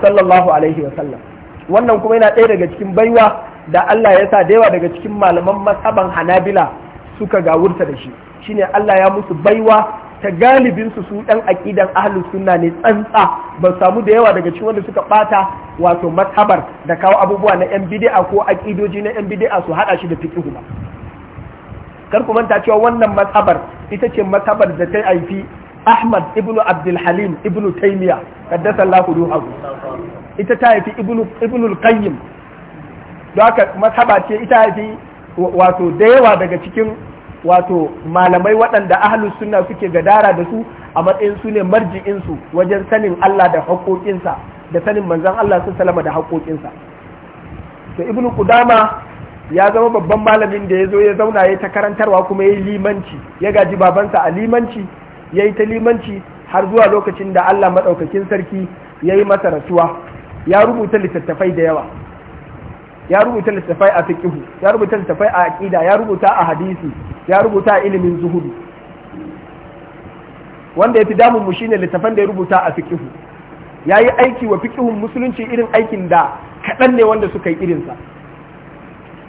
sallallahu alaihi wa sallam wannan kuma yana ɗaya daga cikin baiwa da Allah ya sa da yawa daga cikin malaman masaban Hanabila suka gawurta da shi shine Allah ya musu baiwa ta galibin su su ɗan aƙidan ahli sunna ne tsantsa ba samu da yawa daga cikin wanda suka ɓata wato mazhabar da kawo abubuwa na yan bid'a ko aƙidoji na yan bid'a su haɗa shi da fiqh ba kar ku manta cewa wannan mazhabar ita ce mazhabar da ta haifi Ahmad ibn Abdulhalim Halim ibn Taymiyyah kaddasa Allah ita ta haifi ibn ibn al-Qayyim don haka mazhaba ce ita haifi wato da yawa daga cikin wato malamai waɗanda ahlus Suna suke gadara da su a matsayin su ne marji'insu wajen sanin Allah da haƙoƙinsa da sanin manzan Allah sun salama da haƙoƙinsa to ibnu Kudama ya zama babban malamin da ya zo ya zauna ya ta karantarwa kuma ya yi limanci ya gaji babansa a limanci ya yi ta limanci har zuwa lokacin da Allah maɗaukakin sarki ya yi masa rasuwa ya rubuta littattafai da yawa ya rubuta littattafai a fiqhu ya rubuta littattafai a aqida ya rubuta a hadisi ya rubuta ilimin zuhudu wanda ya fi damun mu shine littafan da ya rubuta a fikihu ya yi aiki wa fikihun musulunci irin aikin da kaɗan ne wanda suka yi irinsa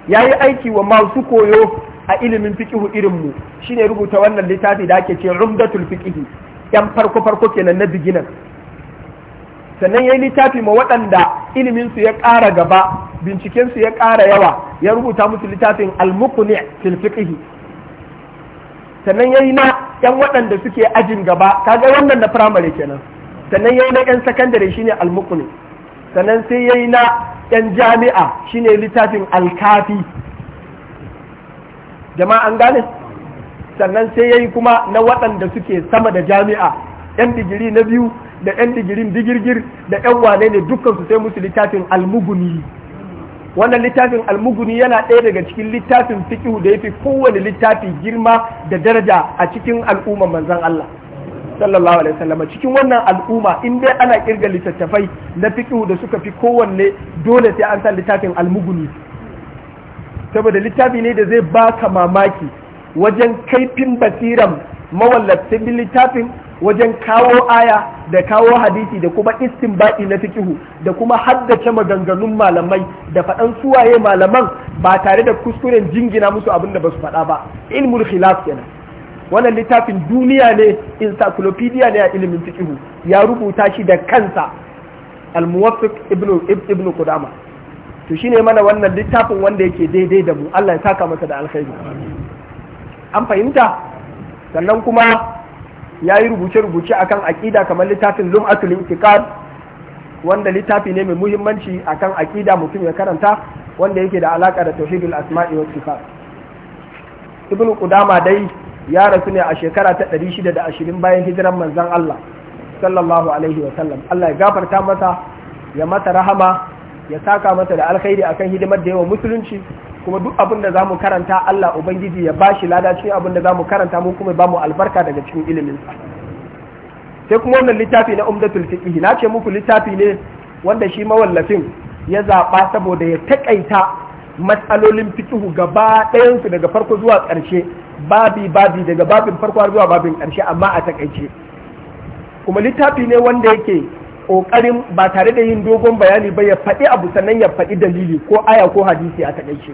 ya yi aiki wa masu koyo a ilimin fikihu irinmu shine rubuta wannan littafi da ake ce rumdatul fikihi yan farko farko kenan na biginan sannan ya yi littafi ma waɗanda iliminsu ya ƙara gaba bincikensu ya ƙara yawa ya rubuta musu littafin al almukuni fil fiqh sannan yayi na yan waɗanda suke ajin gaba kaga wannan na firamare kenan sannan yayi na yan sakandare shine almuqni sannan sai yayi na yan jami'a shine littafin alkafi jama'a an gane sannan sai yayi kuma na waɗanda suke sama da jami'a yan digiri na biyu da yan digirin digirgir da yan wane ne dukkan su sai musu littafin almuguni wannan littafin almuguni yana ɗaya daga cikin littafin fiƙihu da ya fi kowane littafi girma da daraja a cikin al'umma manzan Allah sallallahu alaihi wasallam cikin wannan al'umma in dai ana kirga littattafai na fiƙihu da suka fi kowanne dole sai an san littafin almuguni saboda littafi ne da zai baka mamaki wajen kaifin basiran mawallafin littafin wajen kawo aya da kawo hadisi da kuma istin istinbadi na fikihu da kuma haddace maganganun malamai da faɗan suwaye malaman ba tare da kuskuren jingina musu abin da ba su faɗa ba ilmul khilaf kenan wannan littafin duniya ne encyclopedia ne a ilimin fikihu ya rubuta shi da kansa al-muwaffiq ibnu ibnu qudama to shine mana wannan littafin wanda yake daidai da mu Allah ya saka masa da alkhairi an fahimta sannan kuma ya yi rubuce-rubuce akan aƙida kamar littafin lum'atul intiqad wanda littafi ne mai muhimmanci akan aƙida mutum ya karanta wanda yake da alaka da tauhidul asma'i wa sifat ibn qudama dai ya rasu ne a shekara ta 620 bayan hijiran manzon Allah sallallahu alaihi wa sallam Allah ya gafarta masa ya mata rahama ya saka mata da alkhairi akan hidimar da yawa musulunci kuma duk abin da zamu karanta Allah ubangiji ya bashi lada cikin abin da za mu karanta mu kuma ba mu albarka daga cikin ilimin sa sai kuma wannan littafi na umdatul fiqh na ce muku littafi ne wanda shi mawallafin ya zaba saboda ya takaita matsalolin fituhu gaba ɗayan su daga farko zuwa ƙarshe babi babi daga babin farko zuwa babin ƙarshe amma a takaice kuma littafi ne wanda yake ƙoƙarin ba tare da yin dogon bayani ba ya faɗi abu sannan ya faɗi dalili ko aya ko hadisi a taƙaice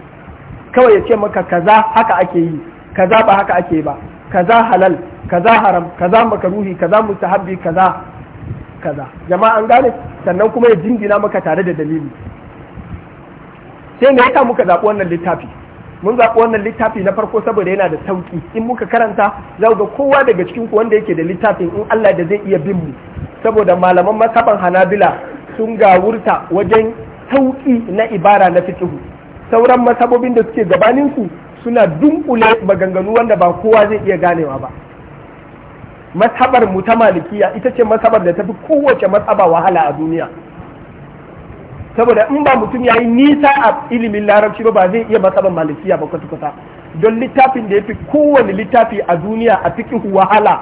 kawai ya ce maka kaza haka ake yi kaza ba haka ake ba kaza halal kaza haram kaza makaruhi kaza mustahabbi kaza kaza jama'a an gane sannan kuma ya jingina maka tare da dalili sai me yasa muka zaɓi wannan littafi mun zaɓi wannan littafi na farko saboda yana da sauƙi in muka karanta za ga kowa daga cikin ku wanda yake da littafin in Allah da zai iya bin mu saboda malaman masaban hanabila sun gawurta wajen sauƙi na ibara na fiqh sauran masabobin da suke gabanin ku suna dunkule maganganu wanda ba kowa zai iya ganewa ba masabar mu ta malikiya ita ce masabar da tafi kowace matsaba wahala a duniya saboda in ba mutum ya yi nisa a ilimin larabci ba ba zai iya matsaban malikiya ba kwata-kwata don littafin da ya fi kowane littafi a duniya a kihu wahala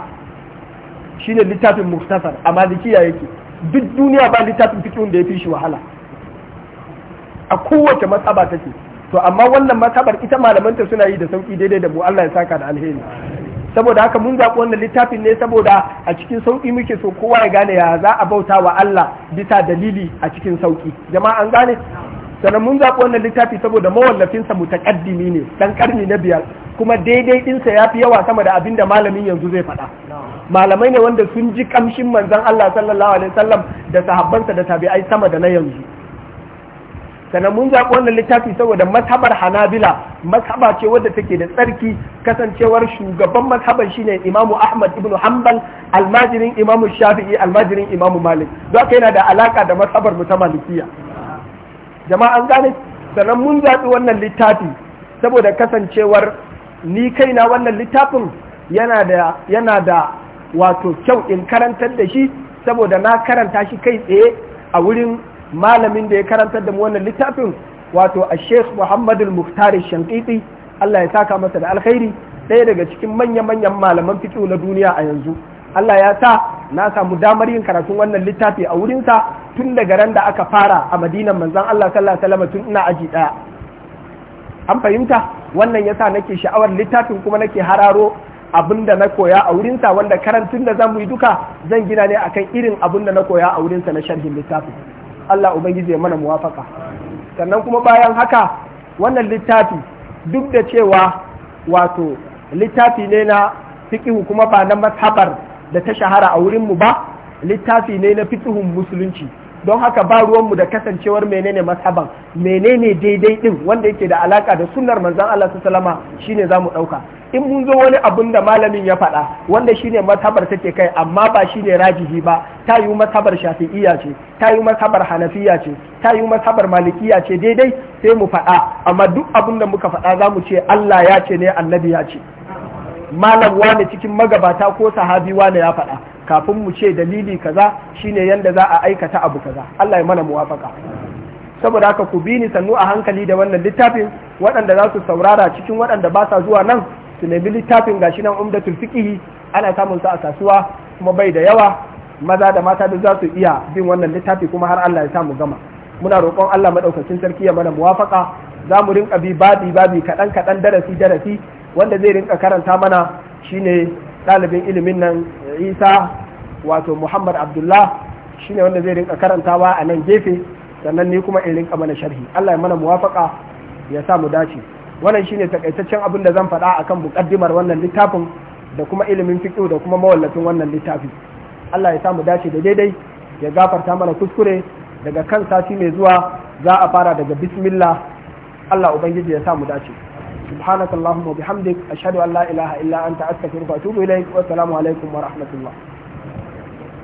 shine littafin muktasar a malikiya yake duk duniya ba littafin fi da ya fi shi wahala a kowace matsaba take to amma wannan matsabar ita malamanta suna yi da sauki daidai da mu Allah ya saka da alheri saboda haka mun zaɓi wannan littafin ne saboda a cikin sauƙi muke so kowa ya gane ya za a bauta wa Allah bisa dalili a cikin sauƙi jama'a an gane sannan mun zaɓi wannan littafi saboda mawallafinsa mutaƙaddimi ne ɗan ƙarni na biyar kuma daidai ɗinsa ya fi yawa sama da abin da malamin yanzu zai faɗa malamai ne wanda sun ji ƙamshin manzon Allah sallallahu alaihi wasallam da sahabbansa da tabi'ai sama da na yanzu sannan mun zaɓi wannan littafi saboda mashabar hanabila mashaba ce wadda take da tsarki kasancewar shugaban mashabar shine imamu ahmad ibnu hanbal almajirin imamu shafi'i almajirin imamu malik don haka yana da alaka da mashabar mu ta malikiya jama'a an gane sannan mun zaɓi wannan littafi saboda kasancewar ni kaina wannan littafin yana da yana da wato kyau in karantar da shi saboda na karanta shi kai tsaye a wurin malamin da ya karantar da mu wannan littafin wato a sheikh muhammadul muhtar shankiti Allah ya saka masa da alkhairi ɗaya daga cikin manya-manyan malaman fiqh na duniya a yanzu Allah ya sa na samu damar yin karatun wannan littafi a wurinsa tun daga ran da aka fara a madinan manzon Allah sallallahu alaihi tun ina aji ɗaya an fahimta wannan yasa nake sha'awar littafin kuma nake hararo abin da na koya a wurinsa wanda karantun da zan yi duka zan gina ne akan irin abin da na koya a wurinsa na sharhin littafin Allah ubangiji ya mana muwafaka sannan kuma bayan haka wannan littafi duk da cewa wato littafi ne na fiƙihu kuma ba na mazhabar da ta shahara a wurinmu ba littafi ne na fiƙihun musulunci don haka ba ruwanmu da kasancewar menene mazhaban menene daidai din wanda yake da alaka da sunnar manzon Allah sallama za mu ɗauka in mun zo wani abun da malamin ya faɗa wanda shine mazhabar take kai amma ba shine rajihi ba ta yi mazhabar shafi'iyya ce ta yi mazhabar hanafiya ce ta yi mazhabar malikiya ce daidai sai mu faɗa amma duk abun da muka faɗa za mu ce Allah ya ce ne annabi ya ce malam wani cikin magabata ko sahabi wani ya faɗa kafin mu ce dalili kaza shine yanda za a aikata abu kaza Allah ya mana muwafaka saboda haka ku bi ni sannu a hankali da wannan littafin waɗanda za su saurara cikin waɗanda ba sa zuwa nan su nemi littafin gashi nan umdatul fiqhi ana samun sa a kasuwa kuma bai da yawa maza da mata duk za su iya bin wannan littafi kuma har Allah ya samu gama muna roƙon Allah madaukakin sarki ya mana muwafaka za mu rinka bi babi babi kaɗan kaɗan darasi darasi wanda zai rinka karanta mana shine ɗalibin ilimin nan Isa wato Muhammad Abdullah shine wanda zai rinka karantawa a nan gefe sannan ni kuma in rinka mana sharhi Allah ya mana muwafaka ya sa mu dace wannan shine takaitaccen abin da zan faɗa akan bukaddimar wannan littafin da kuma ilimin fiqh da kuma mawallafin wannan littafi Allah ya samu dace da daidai ya gafarta mana kuskure daga kan sati mai zuwa za a fara daga bismillah Allah ubangiji ya samu dace سبحانك ashhadu an la ilaha illa anta astaghfiruka wa atubu وأتوب Wa assalamu alaikum wa rahmatullah